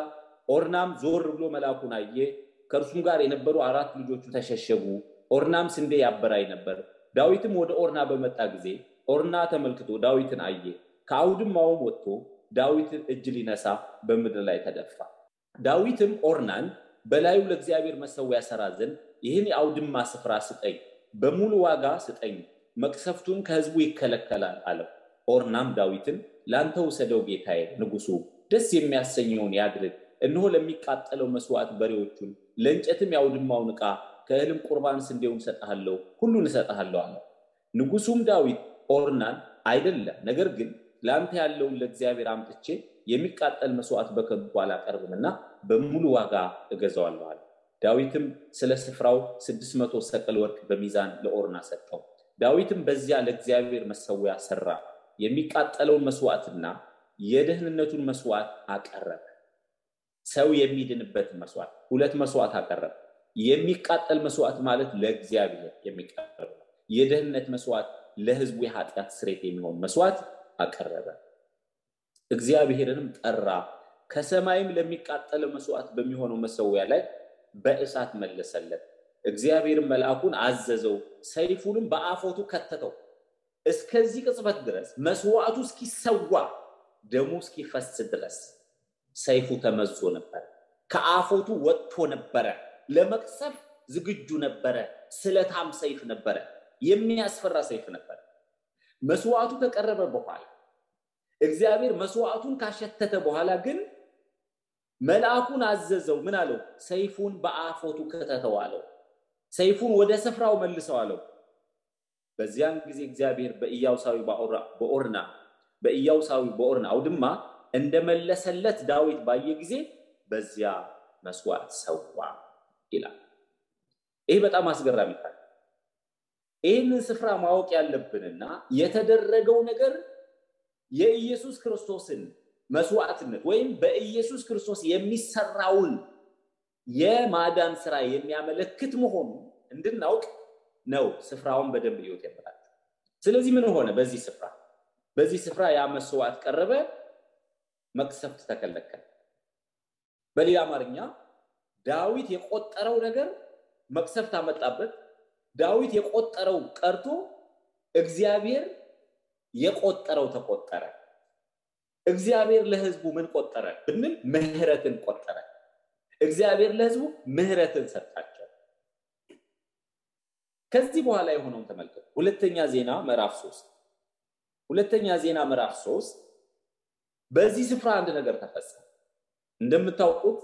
ኦርናም ዞር ብሎ መላኩን አየ። ከእርሱም ጋር የነበሩ አራት ልጆቹ ተሸሸጉ። ኦርናም ስንዴ ያበራይ ነበር። ዳዊትም ወደ ኦርና በመጣ ጊዜ ኦርና ተመልክቶ ዳዊትን አየ። ከአውድማውም ወጥቶ ዳዊትን እጅ ሊነሳ በምድር ላይ ተደፋ። ዳዊትም ኦርናን በላዩ ለእግዚአብሔር መሰዊያ ሰራ ዘንድ ይህን የአውድማ ስፍራ ስጠኝ፣ በሙሉ ዋጋ ስጠኝ፣ መቅሰፍቱን ከህዝቡ ይከለከላል አለው። ኦርናም ዳዊትን ለአንተ ውሰደው ጌታዬ ንጉሱ፣ ደስ የሚያሰኘውን ያድርግ። እነሆ ለሚቃጠለው መስዋዕት በሬዎቹን፣ ለእንጨትም የአውድማውን ዕቃ፣ ከእህልም ቁርባን ስንዴውን እሰጥሃለሁ፣ ሁሉን እሰጥሃለሁ አለ ንጉሱም ዳዊት ኦርናን አይደለም፣ ነገር ግን ለአንተ ያለውን ለእግዚአብሔር አምጥቼ የሚቃጠል መስዋዕት በከንቱ አላቀርብምና በሙሉ ዋጋ እገዛዋለዋል ዳዊትም ስለ ስፍራው ስድስት መቶ ሰቅል ወርቅ በሚዛን ለኦርና ሰጠው። ዳዊትም በዚያ ለእግዚአብሔር መሰዊያ ሰራ፣ የሚቃጠለውን መስዋዕትና የደህንነቱን መስዋዕት አቀረበ። ሰው የሚድንበት መስዋዕት ሁለት መስዋዕት አቀረበ። የሚቃጠል መስዋዕት ማለት ለእግዚአብሔር የሚቀርብ የደህንነት መስዋዕት ለህዝቡ የኃጢአት ስሬት የሚሆን መስዋዕት አቀረበ። እግዚአብሔርንም ጠራ። ከሰማይም ለሚቃጠለው መስዋዕት በሚሆነው መሰዊያ ላይ በእሳት መለሰለት። እግዚአብሔር መልአኩን አዘዘው፣ ሰይፉንም በአፎቱ ከተተው። እስከዚህ ቅጽበት ድረስ መስዋዕቱ እስኪሰዋ ደሞ እስኪፈስ ድረስ ሰይፉ ተመዞ ነበረ፣ ከአፎቱ ወጥቶ ነበረ። ለመቅሰፍ ዝግጁ ነበረ። ስለታም ሰይፍ ነበረ፣ የሚያስፈራ ሰይፍ ነበረ። መስዋዕቱ ከቀረበ በኋላ እግዚአብሔር መስዋዕቱን ካሸተተ በኋላ ግን መልአኩን አዘዘው ምን አለው ሰይፉን በአፎቱ ከተተው አለው ሰይፉን ወደ ስፍራው መልሰው አለው በዚያን ጊዜ እግዚአብሔር በኢያውሳዊ በኦርና በኢያውሳዊ በኦርና አውድማ እንደመለሰለት ዳዊት ባየ ጊዜ በዚያ መስዋዕት ሰዋ ይላል ይህ በጣም አስገራሚ ይህንን ስፍራ ማወቅ ያለብንና የተደረገው ነገር የኢየሱስ ክርስቶስን መስዋዕትነት ወይም በኢየሱስ ክርስቶስ የሚሰራውን የማዳን ስራ የሚያመለክት መሆኑ እንድናውቅ ነው። ስፍራውን በደንብ እዩት ያበላል። ስለዚህ ምን ሆነ? በዚህ ስፍራ በዚህ ስፍራ ያ መስዋዕት ቀረበ፣ መቅሰፍት ተከለከለ። በሌላ አማርኛ ዳዊት የቆጠረው ነገር መቅሰፍት አመጣበት፣ ዳዊት የቆጠረው ቀርቶ እግዚአብሔር የቆጠረው ተቆጠረ። እግዚአብሔር ለህዝቡ ምን ቆጠረ ብንል ምህረትን ቆጠረ። እግዚአብሔር ለህዝቡ ምህረትን ሰጣቸው። ከዚህ በኋላ የሆነውን ተመልከቱ። ሁለተኛ ዜና ምዕራፍ ሶስት ሁለተኛ ዜና ምዕራፍ ሶስት በዚህ ስፍራ አንድ ነገር ተፈጸመ። እንደምታውቁት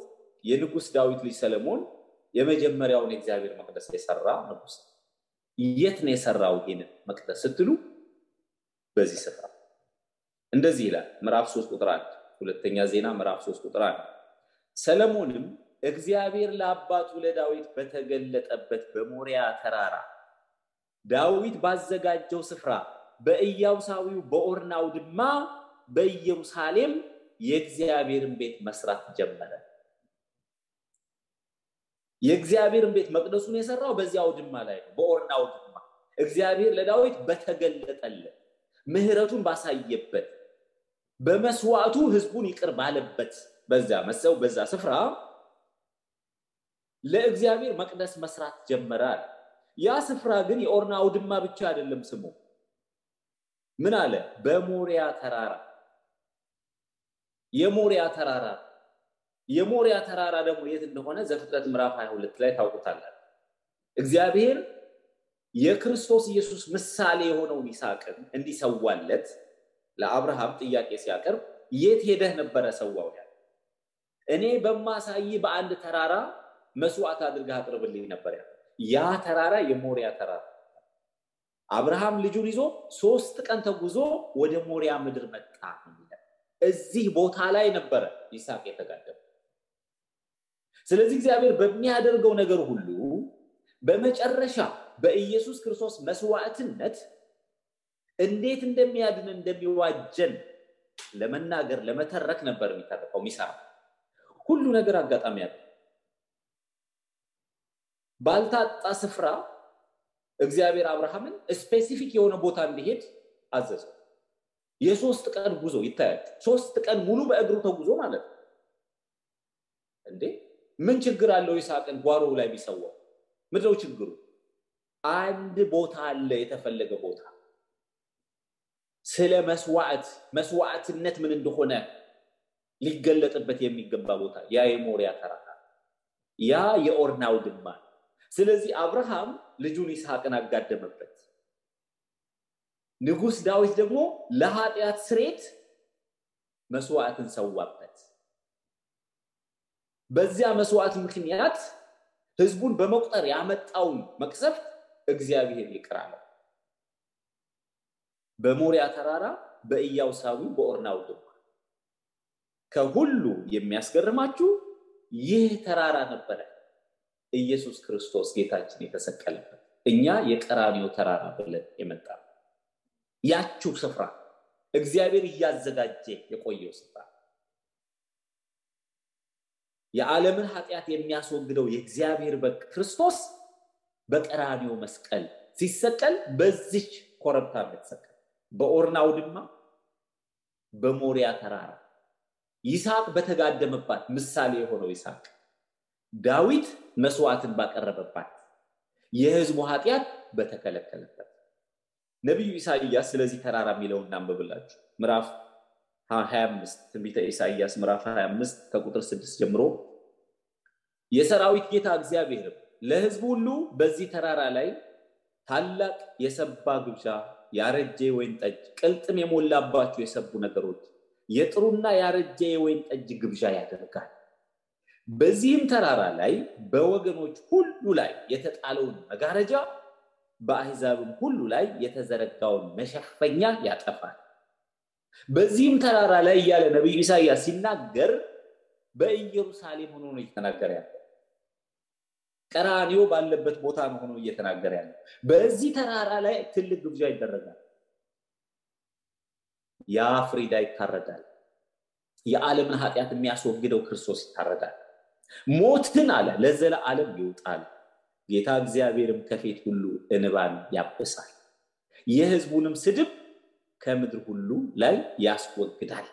የንጉስ ዳዊት ልጅ ሰለሞን የመጀመሪያውን የእግዚአብሔር መቅደስ የሰራ ንጉስ የት ነው የሰራው ይህን መቅደስ ስትሉ በዚህ ስፍራ እንደዚህ ይላል ምዕራፍ ሶስት ቁጥር አንድ ሁለተኛ ዜና ምዕራፍ ሶስት ቁጥር አንድ ሰለሞንም እግዚአብሔር ለአባቱ ለዳዊት በተገለጠበት በሞሪያ ተራራ ዳዊት ባዘጋጀው ስፍራ በኢያቡሳዊው በኦርናው ድማ በኢየሩሳሌም የእግዚአብሔርን ቤት መስራት ጀመረ የእግዚአብሔርን ቤት መቅደሱን የሰራው በዚያ አውድማ ላይ ነው በኦርና አውድማ እግዚአብሔር ለዳዊት በተገለጠለት ምህረቱን ባሳየበት በመስዋዕቱ ህዝቡን ይቅር ባለበት በዛ መሰው በዛ ስፍራ ለእግዚአብሔር መቅደስ መስራት ጀመራል ያ ስፍራ ግን የኦርና አውድማ ብቻ አይደለም ስሙ ምን አለ በሞሪያ ተራራ የሞሪያ ተራራ የሞሪያ ተራራ ደግሞ የት እንደሆነ ዘፍጥረት ምዕራፍ 22 ላይ ታውቁታላል። እግዚአብሔር የክርስቶስ ኢየሱስ ምሳሌ የሆነውን ይስሐቅን እንዲሰዋለት ለአብርሃም ጥያቄ ሲያቀርብ የት ሄደህ ነበረ ሰዋው ያለ እኔ በማሳይ በአንድ ተራራ መስዋዕት አድርገ አቅርብልኝ ነበር ያለ። ያ ተራራ የሞሪያ ተራራ አብርሃም ልጁን ይዞ ሶስት ቀን ተጉዞ ወደ ሞሪያ ምድር መጣ። እዚህ ቦታ ላይ ነበረ ይስቅ የተጋደመ ስለዚህ እግዚአብሔር በሚያደርገው ነገር ሁሉ በመጨረሻ በኢየሱስ ክርስቶስ መስዋዕትነት እንዴት እንደሚያድን እንደሚዋጀን ለመናገር ለመተረክ ነበር የሚተርከው የሚሰራ ሁሉ ነገር አጋጣሚ ያለ ባልታጣ ስፍራ እግዚአብሔር አብርሃምን ስፔሲፊክ የሆነ ቦታ እንዲሄድ አዘዘው የሶስት ቀን ጉዞ ይታያል ሶስት ቀን ሙሉ በእግሩ ተጉዞ ማለት ነው እንዴ ምን ችግር አለው ይስሐቅን ጓሮ ላይ ቢሰዋው? ምድረው ችግሩ አንድ ቦታ አለ፣ የተፈለገ ቦታ ስለ መስዋዕት መስዋዕትነት ምን እንደሆነ ሊገለጥበት የሚገባ ቦታ ያ የሞሪያ ተራራ ያ የኦርናው ድማ። ስለዚህ አብርሃም ልጁን ይስሐቅን አጋደመበት። ንጉስ ዳዊት ደግሞ ለኃጢአት ስሬት መስዋዕትን ሰዋበት። በዚያ መስዋዕት ምክንያት ህዝቡን በመቁጠር ያመጣውን መቅሰፍት እግዚአብሔር ይቅር አለው። በሞሪያ ተራራ በእያውሳዊ በኦርናው ድንኳ ከሁሉ የሚያስገርማችሁ ይህ ተራራ ነበረ ኢየሱስ ክርስቶስ ጌታችን የተሰቀለበት እኛ የቀራኒው ተራራ ብለን የመጣ ያችው ስፍራ እግዚአብሔር እያዘጋጀ የቆየው ስፍራ የዓለምን ኃጢአት የሚያስወግደው የእግዚአብሔር በግ ክርስቶስ በቀራኒው መስቀል ሲሰቀል በዚች ኮረብታ እንደተሰቀለ በኦርናው ድማ በሞሪያ ተራራ ይስሐቅ በተጋደመባት ምሳሌ የሆነው ይስሐቅ ዳዊት መስዋዕትን ባቀረበባት የህዝቡ ኃጢአት በተከለከለበት ነቢዩ ኢሳይያስ ስለዚህ ተራራ የሚለውን እናንብብላችሁ 25 ትንቢተ ኢሳይያስ ምዕራፍ 25 ከቁጥር 6 ጀምሮ የሰራዊት ጌታ እግዚአብሔር ለህዝቡ ሁሉ በዚህ ተራራ ላይ ታላቅ የሰባ ግብዣ፣ ያረጀ የወይን ጠጅ፣ ቅልጥም የሞላባቸው የሰቡ ነገሮች፣ የጥሩና ያረጀ የወይን ጠጅ ግብዣ ያደርጋል። በዚህም ተራራ ላይ በወገኖች ሁሉ ላይ የተጣለውን መጋረጃ በአህዛብም ሁሉ ላይ የተዘረጋውን መሸፈኛ ያጠፋል። በዚህም ተራራ ላይ እያለ ነቢዩ ኢሳያስ ሲናገር በኢየሩሳሌም ሆኖ ነው እየተናገረ ያለ ቀራኒዮ ባለበት ቦታ ነው ሆኖ እየተናገረ ያለ በዚህ ተራራ ላይ ትልቅ ግብዣ ይደረጋል ያ ፍሪዳ ይታረዳል የዓለምን ኃጢአት የሚያስወግደው ክርስቶስ ይታረዳል ሞትን አለ ለዘለ ዓለም ይውጣል ጌታ እግዚአብሔርም ከፊት ሁሉ እንባን ያብሳል የህዝቡንም ስድብ ከምድር ሁሉ ላይ ያስወግዳል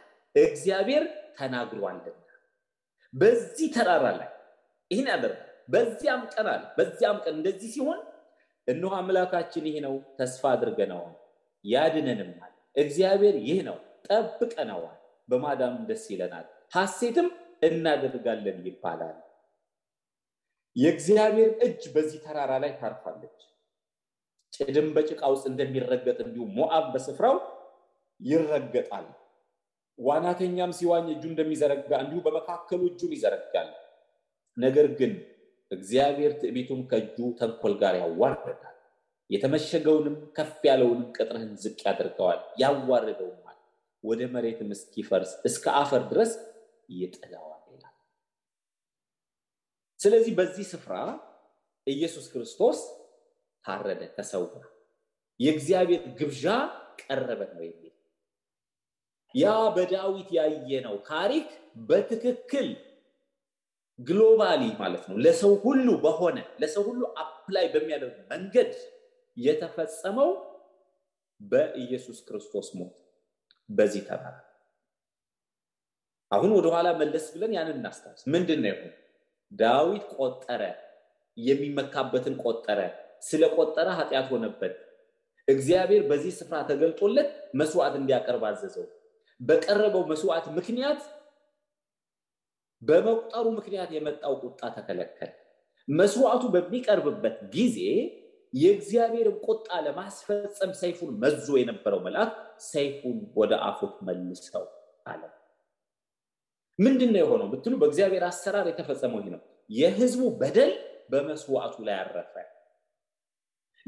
እግዚአብሔር ተናግሯልና በዚህ ተራራ ላይ ይህን ያደርጋል በዚያም ቀን አለ በዚያም ቀን እንደዚህ ሲሆን እነሆ አምላካችን ይህ ነው ተስፋ አድርገነዋል ያድነንማል እግዚአብሔር ይህ ነው ጠብቀነዋል በማዳም ደስ ይለናል ሐሴትም እናደርጋለን ይባላል የእግዚአብሔር እጅ በዚህ ተራራ ላይ ታርፋለች ጭድም በጭቃ ውስጥ እንደሚረገጥ እንዲሁም ሞአብ በስፍራው ይረገጣል። ዋናተኛም ሲዋኝ እጁ እንደሚዘረጋ እንዲሁ በመካከሉ እጁን ይዘረጋል። ነገር ግን እግዚአብሔር ትዕቢቱን ከእጁ ተንኮል ጋር ያዋርዳል። የተመሸገውንም ከፍ ያለውንም ቅጥርህን ዝቅ ያደርገዋል፣ ያዋርደውማል፣ ወደ መሬትም እስኪፈርስ እስከ አፈር ድረስ ይጥለዋል ይላል። ስለዚህ በዚህ ስፍራ ኢየሱስ ክርስቶስ ታረደ፣ ተሰውራ የእግዚአብሔር ግብዣ ቀረበ ነው ያ በዳዊት ያየነው ታሪክ በትክክል ግሎባሊ ማለት ነው ለሰው ሁሉ በሆነ ለሰው ሁሉ አፕላይ በሚያደርግ መንገድ የተፈጸመው በኢየሱስ ክርስቶስ ሞት በዚህ ተራራ አሁን ወደኋላ መለስ ብለን ያንን እናስታውስ ምንድን ነው ይሁን ዳዊት ቆጠረ የሚመካበትን ቆጠረ ስለቆጠረ ኃጢአት ሆነበት እግዚአብሔር በዚህ ስፍራ ተገልጦለት መስዋዕት እንዲያቀርብ አዘዘው በቀረበው መስዋዕት ምክንያት በመቁጠሩ ምክንያት የመጣው ቁጣ ተከለከለ። መስዋዕቱ በሚቀርብበት ጊዜ የእግዚአብሔርን ቁጣ ለማስፈጸም ሰይፉን መዞ የነበረው መልአክ ሰይፉን ወደ አፉት መልሰው አለ። ምንድን ነው የሆነው ብትሉ በእግዚአብሔር አሰራር የተፈጸመው ይህ ነው። የህዝቡ በደል በመስዋዕቱ ላይ አረፈ።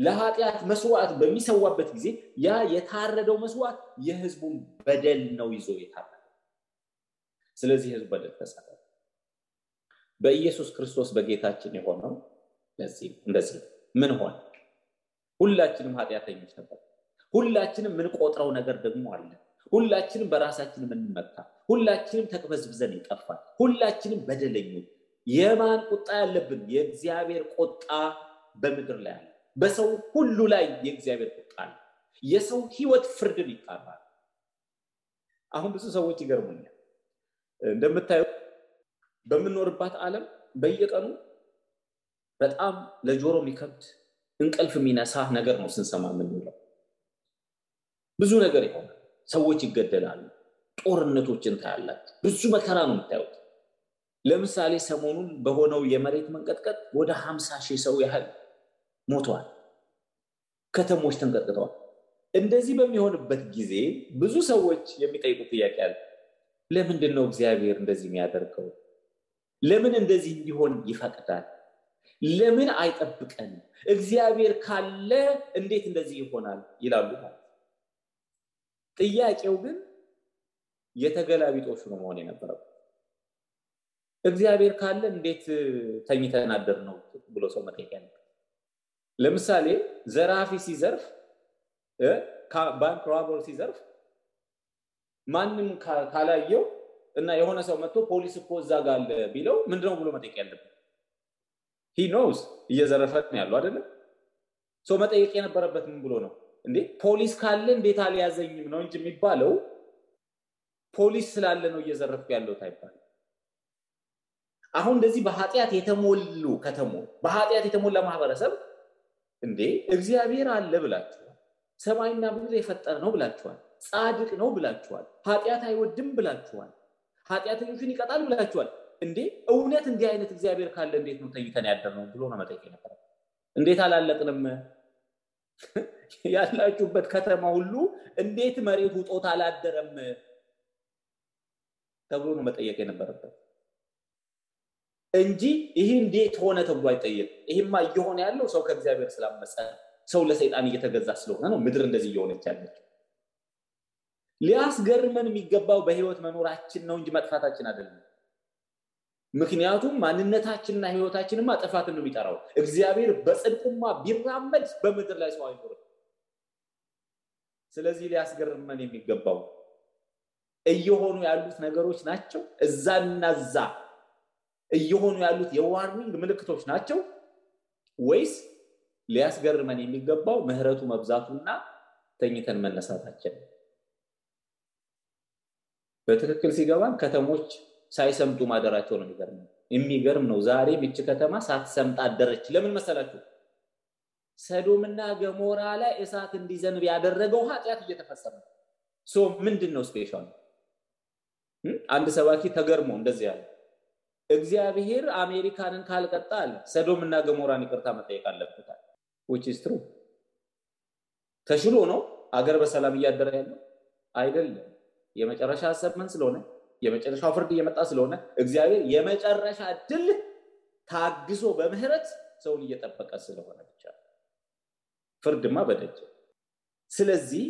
ለኃጢአት መስዋዕት በሚሰዋበት ጊዜ ያ የታረደው መስዋዕት የህዝቡን በደል ነው ይዞ የታረደ ስለዚህ ህዝብ በደል ተሰራ። በኢየሱስ ክርስቶስ በጌታችን የሆነው እንደዚህ ምን ሆነ? ሁላችንም ኃጢአተኞች ነበር። ሁላችንም ምንቆጥረው ነገር ደግሞ አለ። ሁላችንም በራሳችን የምንመካ፣ ሁላችንም ተቅበዝብዘን ይጠፋል። ሁላችንም በደለኞች። የማን ቁጣ ያለብን? የእግዚአብሔር ቁጣ በምድር ላይ አለ። በሰው ሁሉ ላይ የእግዚአብሔር ቁጣ የሰው ህይወት ፍርድን ይጣራል። አሁን ብዙ ሰዎች ይገርሙኛል። እንደምታዩ በምንኖርባት ዓለም በየቀኑ በጣም ለጆሮ የሚከብድ እንቅልፍ የሚነሳ ነገር ነው ስንሰማ የምንለው? ብዙ ነገር ይሆናል። ሰዎች ይገደላሉ። ጦርነቶችን እንታያላት ብዙ መከራ ነው የምታዩት። ለምሳሌ ሰሞኑን በሆነው የመሬት መንቀጥቀጥ ወደ ሀምሳ ሺህ ሰው ያህል ሞተዋል፣ ከተሞች ተንቀጥቅጠዋል። እንደዚህ በሚሆንበት ጊዜ ብዙ ሰዎች የሚጠይቁ ጥያቄ አለ። ለምንድን ነው እግዚአብሔር እንደዚህ የሚያደርገው? ለምን እንደዚህ እንዲሆን ይፈቅዳል? ለምን አይጠብቀንም? እግዚአብሔር ካለ እንዴት እንደዚህ ይሆናል ይላሉ ማለት ጥያቄው ግን የተገላቢጦሹ ነው መሆን የነበረው። እግዚአብሔር ካለ እንዴት ተኝተን አደር ነው ብሎ ሰው መጠየቅ ያለ ለምሳሌ ዘራፊ ሲዘርፍ ባንክ ሮበር ሲዘርፍ ማንም ካላየው እና የሆነ ሰው መጥቶ ፖሊስ እኮ እዛ ጋ አለ ቢለው ምንድነው ብሎ መጠየቅ ያለበት? ሂ ኖውስ እየዘረፈን ያለው አይደለም። ሰው መጠየቅ የነበረበት ምን ብሎ ነው እንዴ? ፖሊስ ካለ እንዴት አልያዘኝም ነው እንጂ የሚባለው ፖሊስ ስላለ ነው እየዘረፍኩ ያለው ታይባል አሁን እንደዚህ በኃጢአት የተሞሉ ከተሞ በኃጢአት የተሞላ ማህበረሰብ እንዴ እግዚአብሔር አለ ብላችኋል። ሰማይና ምድር የፈጠረ ነው ብላችኋል። ጻድቅ ነው ብላችኋል። ኃጢአት አይወድም ብላችኋል። ኃጢአተኞችን ይቀጣል ብላችኋል። እንዴ እውነት እንዲህ አይነት እግዚአብሔር ካለ እንዴት ነው ተይተን ያደር ነው ብሎ ነው መጠየቅ ነበር። እንዴት አላለቅንም? ያላችሁበት ከተማ ሁሉ እንዴት መሬቱ ጦት አላደረም ተብሎ ነው መጠየቅ የነበረበት። እንጂ ይህ እንዴት ሆነ ተብሎ አይጠየቅ። ይህማ እየሆነ ያለው ሰው ከእግዚአብሔር ስላመፀ ሰው ለሰይጣን እየተገዛ ስለሆነ ነው ምድር እንደዚህ እየሆነች ያለች። ሊያስገርመን የሚገባው በህይወት መኖራችን ነው እንጂ መጥፋታችን አይደለም። ምክንያቱም ማንነታችንና ህይወታችንማ ጥፋትን ነው የሚጠራው። እግዚአብሔር በጽድቁማ ቢራመድ በምድር ላይ ሰው አይኖርም። ስለዚህ ሊያስገርመን የሚገባው እየሆኑ ያሉት ነገሮች ናቸው እዛና እዛ እየሆኑ ያሉት የዋርኒንግ ምልክቶች ናቸው ወይስ ሊያስገርመን የሚገባው ምህረቱ መብዛቱና ተኝተን መነሳታችን በትክክል ሲገባን ከተሞች ሳይሰምጡ ማደራቸው ነው የሚገርም የሚገርም ነው ዛሬም እች ከተማ ሳትሰምጥ አደረች ለምን መሰላችሁ ሰዶምና ገሞራ ላይ እሳት እንዲዘንብ ያደረገው ኃጢአት እየተፈሰመ ሶ ምንድን ነው ስፔሻል አንድ ሰባኪ ተገርሞ እንደዚህ ያለ እግዚአብሔር አሜሪካንን ካልቀጣ አለ ሰዶም እና ገሞራን ይቅርታ መጠየቅ አለበታል which ተሽሎ ነው አገር በሰላም እያደረ ያለው አይደለም የመጨረሻ ሰመን ስለሆነ የመጨረሻው ፍርድ እየመጣ ስለሆነ እግዚአብሔር የመጨረሻ ድል ታግሶ በምህረት ሰውን እየጠበቀ ስለሆነ ብቻ ፍርድማ በደጀ ስለዚህ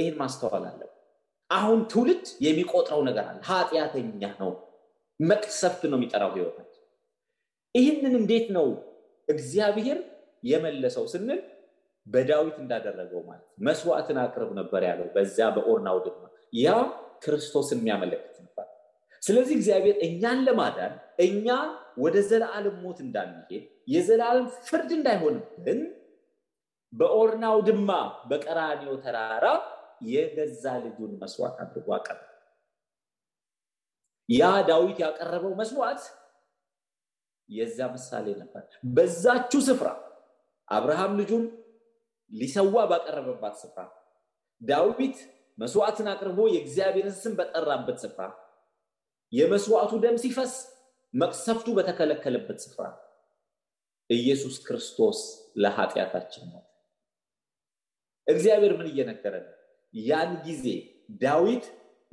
ይህን ማስተዋል አለው አሁን ትውልድ የሚቆጥረው ነገር አለ ኃጢአተኛ ነው መቅሰፍት ነው የሚጠራው ህይወታችን። ይህንን እንዴት ነው እግዚአብሔር የመለሰው ስንል በዳዊት እንዳደረገው ማለት መስዋዕትን አቅርብ ነበር ያለው በዛ በኦርናው ድማ ያ ክርስቶስ የሚያመለክት ነበር። ስለዚህ እግዚአብሔር እኛን ለማዳን እኛ ወደ ዘላለም ሞት እንዳንሄድ የዘላለም ፍርድ እንዳይሆንብን በኦርናው ድማ በቀራኒዮ ተራራ የገዛ ልጁን መስዋዕት አድርጎ አቀረበ። ያ ዳዊት ያቀረበው መስዋዕት የዛ ምሳሌ ነበር። በዛችው ስፍራ አብርሃም ልጁን ሊሰዋ ባቀረበባት ስፍራ ዳዊት መስዋዕትን አቅርቦ የእግዚአብሔርን ስም በጠራበት ስፍራ የመስዋዕቱ ደም ሲፈስ መቅሰፍቱ በተከለከለበት ስፍራ ኢየሱስ ክርስቶስ ለኃጢአታችን ነው። እግዚአብሔር ምን እየነገረ ነው? ያን ጊዜ ዳዊት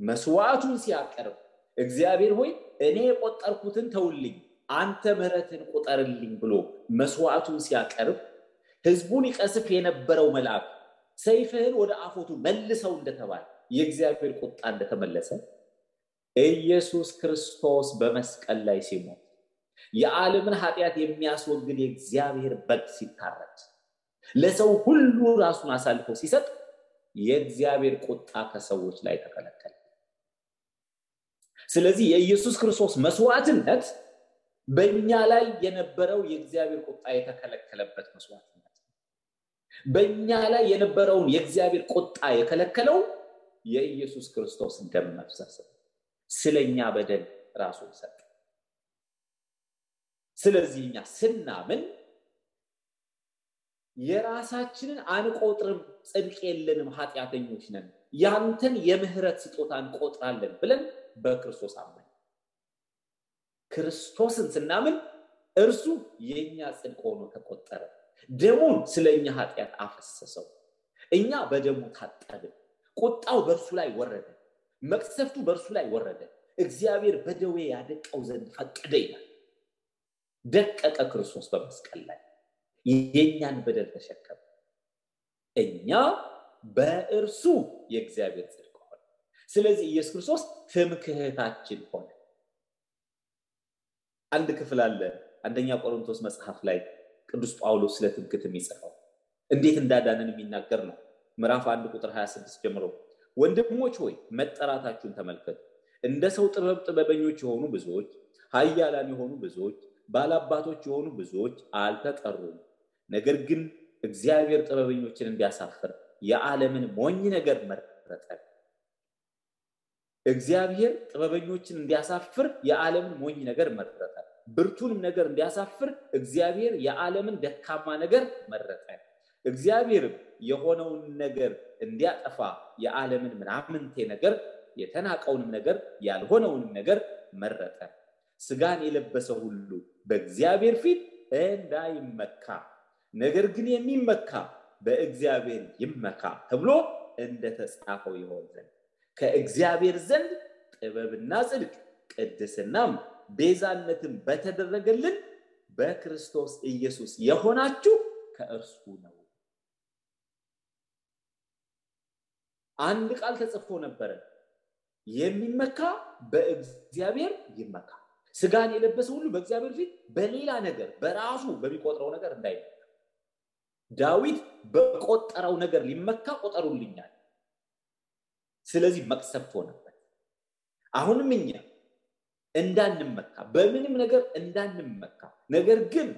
መስዋዕቱን ሲያቀርብ እግዚአብሔር ሆይ እኔ የቆጠርኩትን ተውልኝ፣ አንተ ምህረትን ቁጠርልኝ ብሎ መስዋዕቱን ሲያቀርብ ህዝቡን ይቀስፍ የነበረው መልአክ ሰይፍህን ወደ አፎቱ መልሰው እንደተባለ የእግዚአብሔር ቁጣ እንደተመለሰ ኢየሱስ ክርስቶስ በመስቀል ላይ ሲሞት የዓለምን ኃጢአት የሚያስወግድ የእግዚአብሔር በግ ሲታረድ ለሰው ሁሉ ራሱን አሳልፎ ሲሰጥ የእግዚአብሔር ቁጣ ከሰዎች ላይ ተከለከለ። ስለዚህ የኢየሱስ ክርስቶስ መስዋዕትነት በእኛ ላይ የነበረው የእግዚአብሔር ቁጣ የተከለከለበት መስዋዕትነት በእኛ ላይ የነበረውን የእግዚአብሔር ቁጣ የከለከለው የኢየሱስ ክርስቶስ ደም መፍሰስ ስለኛ በደል ራሱን ሰጠ ስለዚህ እኛ ስናምን የራሳችንን አንቆጥርም ጽድቅ የለንም ኃጢአተኞች ነን ያንተን የምህረት ስጦታ እንቆጥራለን ብለን በክርስቶስ አመን ክርስቶስን ስናምን እርሱ የእኛ ጽድቅ ሆኖ ተቆጠረ ደሙን ስለ እኛ ኃጢአት አፈሰሰው እኛ በደሙ ታጠብን ቁጣው በእርሱ ላይ ወረደ መቅሰፍቱ በእርሱ ላይ ወረደ እግዚአብሔር በደዌ ያደቀው ዘንድ ፈቀደ ይላል ደቀቀ ክርስቶስ በመስቀል ላይ የእኛን በደል ተሸከመ እኛ በእርሱ የእግዚአብሔር ጽድቅ ስለዚህ ኢየሱስ ክርስቶስ ትምክህታችን ሆነ። አንድ ክፍል አለ አንደኛ ቆሮንቶስ መጽሐፍ ላይ ቅዱስ ጳውሎስ ስለ ትምክት የሚጽፈው እንዴት እንዳዳንን የሚናገር ነው። ምዕራፍ አንድ ቁጥር 26 ጀምሮ ወንድሞች ሆይ መጠራታችሁን ተመልከቱ። እንደ ሰው ጥበብ ጥበበኞች የሆኑ ብዙዎች፣ ሀያላን የሆኑ ብዙዎች፣ ባላባቶች የሆኑ ብዙዎች አልተጠሩም። ነገር ግን እግዚአብሔር ጥበበኞችን እንዲያሳፍር የዓለምን ሞኝ ነገር መረጠን እግዚአብሔር ጥበበኞችን እንዲያሳፍር የዓለምን ሞኝ ነገር መረጠ። ብርቱንም ነገር እንዲያሳፍር እግዚአብሔር የዓለምን ደካማ ነገር መረጠ። እግዚአብሔር የሆነውን ነገር እንዲያጠፋ የዓለምን ምናምንቴ ነገር የተናቀውንም ነገር ያልሆነውንም ነገር መረጠ። ስጋን የለበሰ ሁሉ በእግዚአብሔር ፊት እንዳይመካ፣ ነገር ግን የሚመካ በእግዚአብሔር ይመካ ተብሎ እንደተጻፈው ይሆን ዘንድ ከእግዚአብሔር ዘንድ ጥበብና ጽድቅ ቅድስናም ቤዛነትን በተደረገልን በክርስቶስ ኢየሱስ የሆናችሁ ከእርሱ ነው። አንድ ቃል ተጽፎ ነበረ፣ የሚመካ በእግዚአብሔር ይመካ። ስጋን የለበሰ ሁሉ በእግዚአብሔር ፊት በሌላ ነገር በራሱ በሚቆጥረው ነገር እንዳይመካ። ዳዊት በቆጠረው ነገር ሊመካ ቆጠሩልኛል ስለዚህ መቅሰፍት ሆነበት። አሁንም እኛ እንዳንመካ በምንም ነገር እንዳንመካ፣ ነገር ግን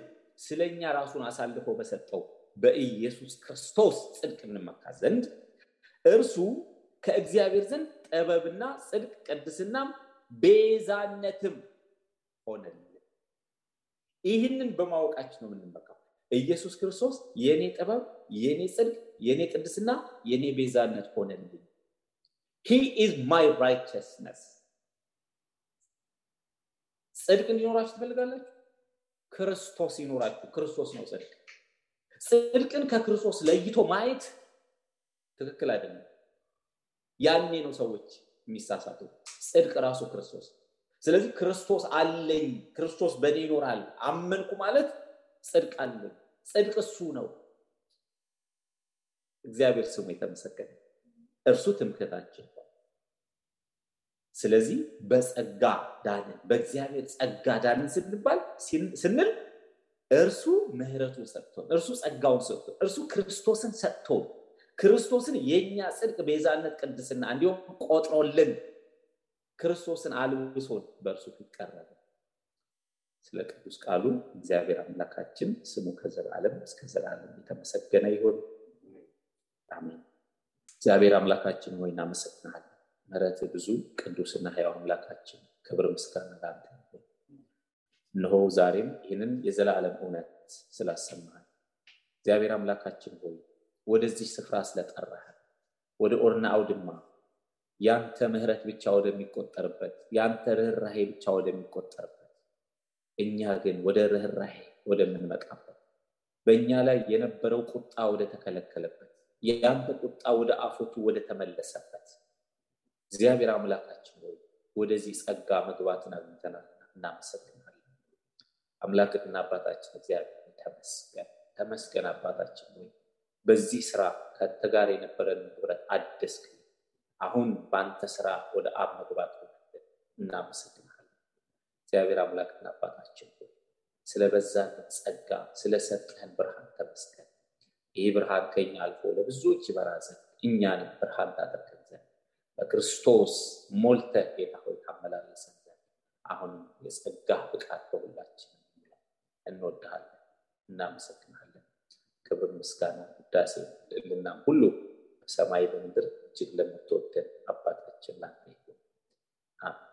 ስለኛ ራሱን አሳልፎ በሰጠው በኢየሱስ ክርስቶስ ጽድቅ እንመካ ዘንድ እርሱ ከእግዚአብሔር ዘንድ ጥበብና ጽድቅ ቅድስናም ቤዛነትም ሆነልን። ይህንን በማወቃችን ነው የምንመካው። ኢየሱስ ክርስቶስ የኔ ጥበብ፣ የኔ ጽድቅ፣ የኔ ቅድስና፣ የኔ ቤዛነት ሆነልኝ። ሂ ኢዝ ማይ ራይቸስነስ ጽድቅ እንዲኖራችሁ ትፈልጋላችሁ ክርስቶስ ይኖራችሁ ክርስቶስ ነው ጽድቅ ጽድቅን ከክርስቶስ ለይቶ ማየት ትክክል አይደለም ያኔ ነው ሰዎች የሚሳሳቱ ጽድቅ ራሱ ክርስቶስ ስለዚህ ክርስቶስ አለኝ ክርስቶስ በእኔ ይኖራል አመንኩ ማለት ጽድቅ አለኝ ጽድቅ እሱ ነው እግዚአብሔር ስሙ የተመሰገነ እርሱ ትምክህታችን። ስለዚህ በጸጋ ዳንን፣ በእግዚአብሔር ጸጋ ዳንን ስንባል ስንል እርሱ ምህረቱን ሰጥቶ እርሱ ጸጋውን ሰጥቶ እርሱ ክርስቶስን ሰጥቶ ክርስቶስን የእኛ ጽድቅ፣ ቤዛነት፣ ቅድስና እንዲሁም ቆጥሮልን ክርስቶስን አልብሶን በእርሱ ፊት ቀረበ። ስለ ቅዱስ ቃሉ እግዚአብሔር አምላካችን ስሙ ከዘላለም እስከ ዘላለም የተመሰገነ ይሆን አሜን። እግዚአብሔር አምላካችን ሆይ እናመሰግናለን። መረት ብዙ ቅዱስና ሕያው አምላካችን ክብር ምስጋና ላንተ። እንሆ ዛሬም ይህንን የዘላለም እውነት ስላሰማል እግዚአብሔር አምላካችን ሆይ ወደዚህ ስፍራ ስለጠራህ ወደ ኦርና አውድማ ያንተ ምህረት ብቻ ወደሚቆጠርበት ያንተ ርኅራሄ ብቻ ወደሚቆጠርበት እኛ ግን ወደ ርኅራሄ ወደምንመጣበት በእኛ ላይ የነበረው ቁጣ ወደ ተከለከለበት ያንተ ቁጣ ወደ አፎቱ ወደ ተመለሰበት እግዚአብሔር አምላካችን ሆይ ወደዚህ ጸጋ መግባትን አግኝተናል እናመሰግናለን አምላክና አባታችን እግዚአብሔር ተመስገን ተመስገን አባታችን ሆይ በዚህ ስራ ከአንተ ጋር የነበረን ህብረት አደስክ አሁን በአንተ ስራ ወደ አብ መግባት እናመሰግናለን እግዚአብሔር አምላክና አባታችን ሆይ ስለበዛን ጸጋ ስለሰጠህን ብርሃን ተመስገን ይህ ብርሃን ከኛ አልፎ ለብዙዎች ይበራ ዘንድ ብርሃን ታደርገን ዘንድ በክርስቶስ ሞልተ ጌታ ሆይ ታመላለሰን ዘንድ አሁን የጸጋ ብቃት በሁላችን እንወድሃለን፣ እናመሰግናለን። ክብር፣ ምስጋና፣ ውዳሴ ልና ሁሉ ሰማይ በምድር እጅግ ለምትወደን አባታችን ላ አሜን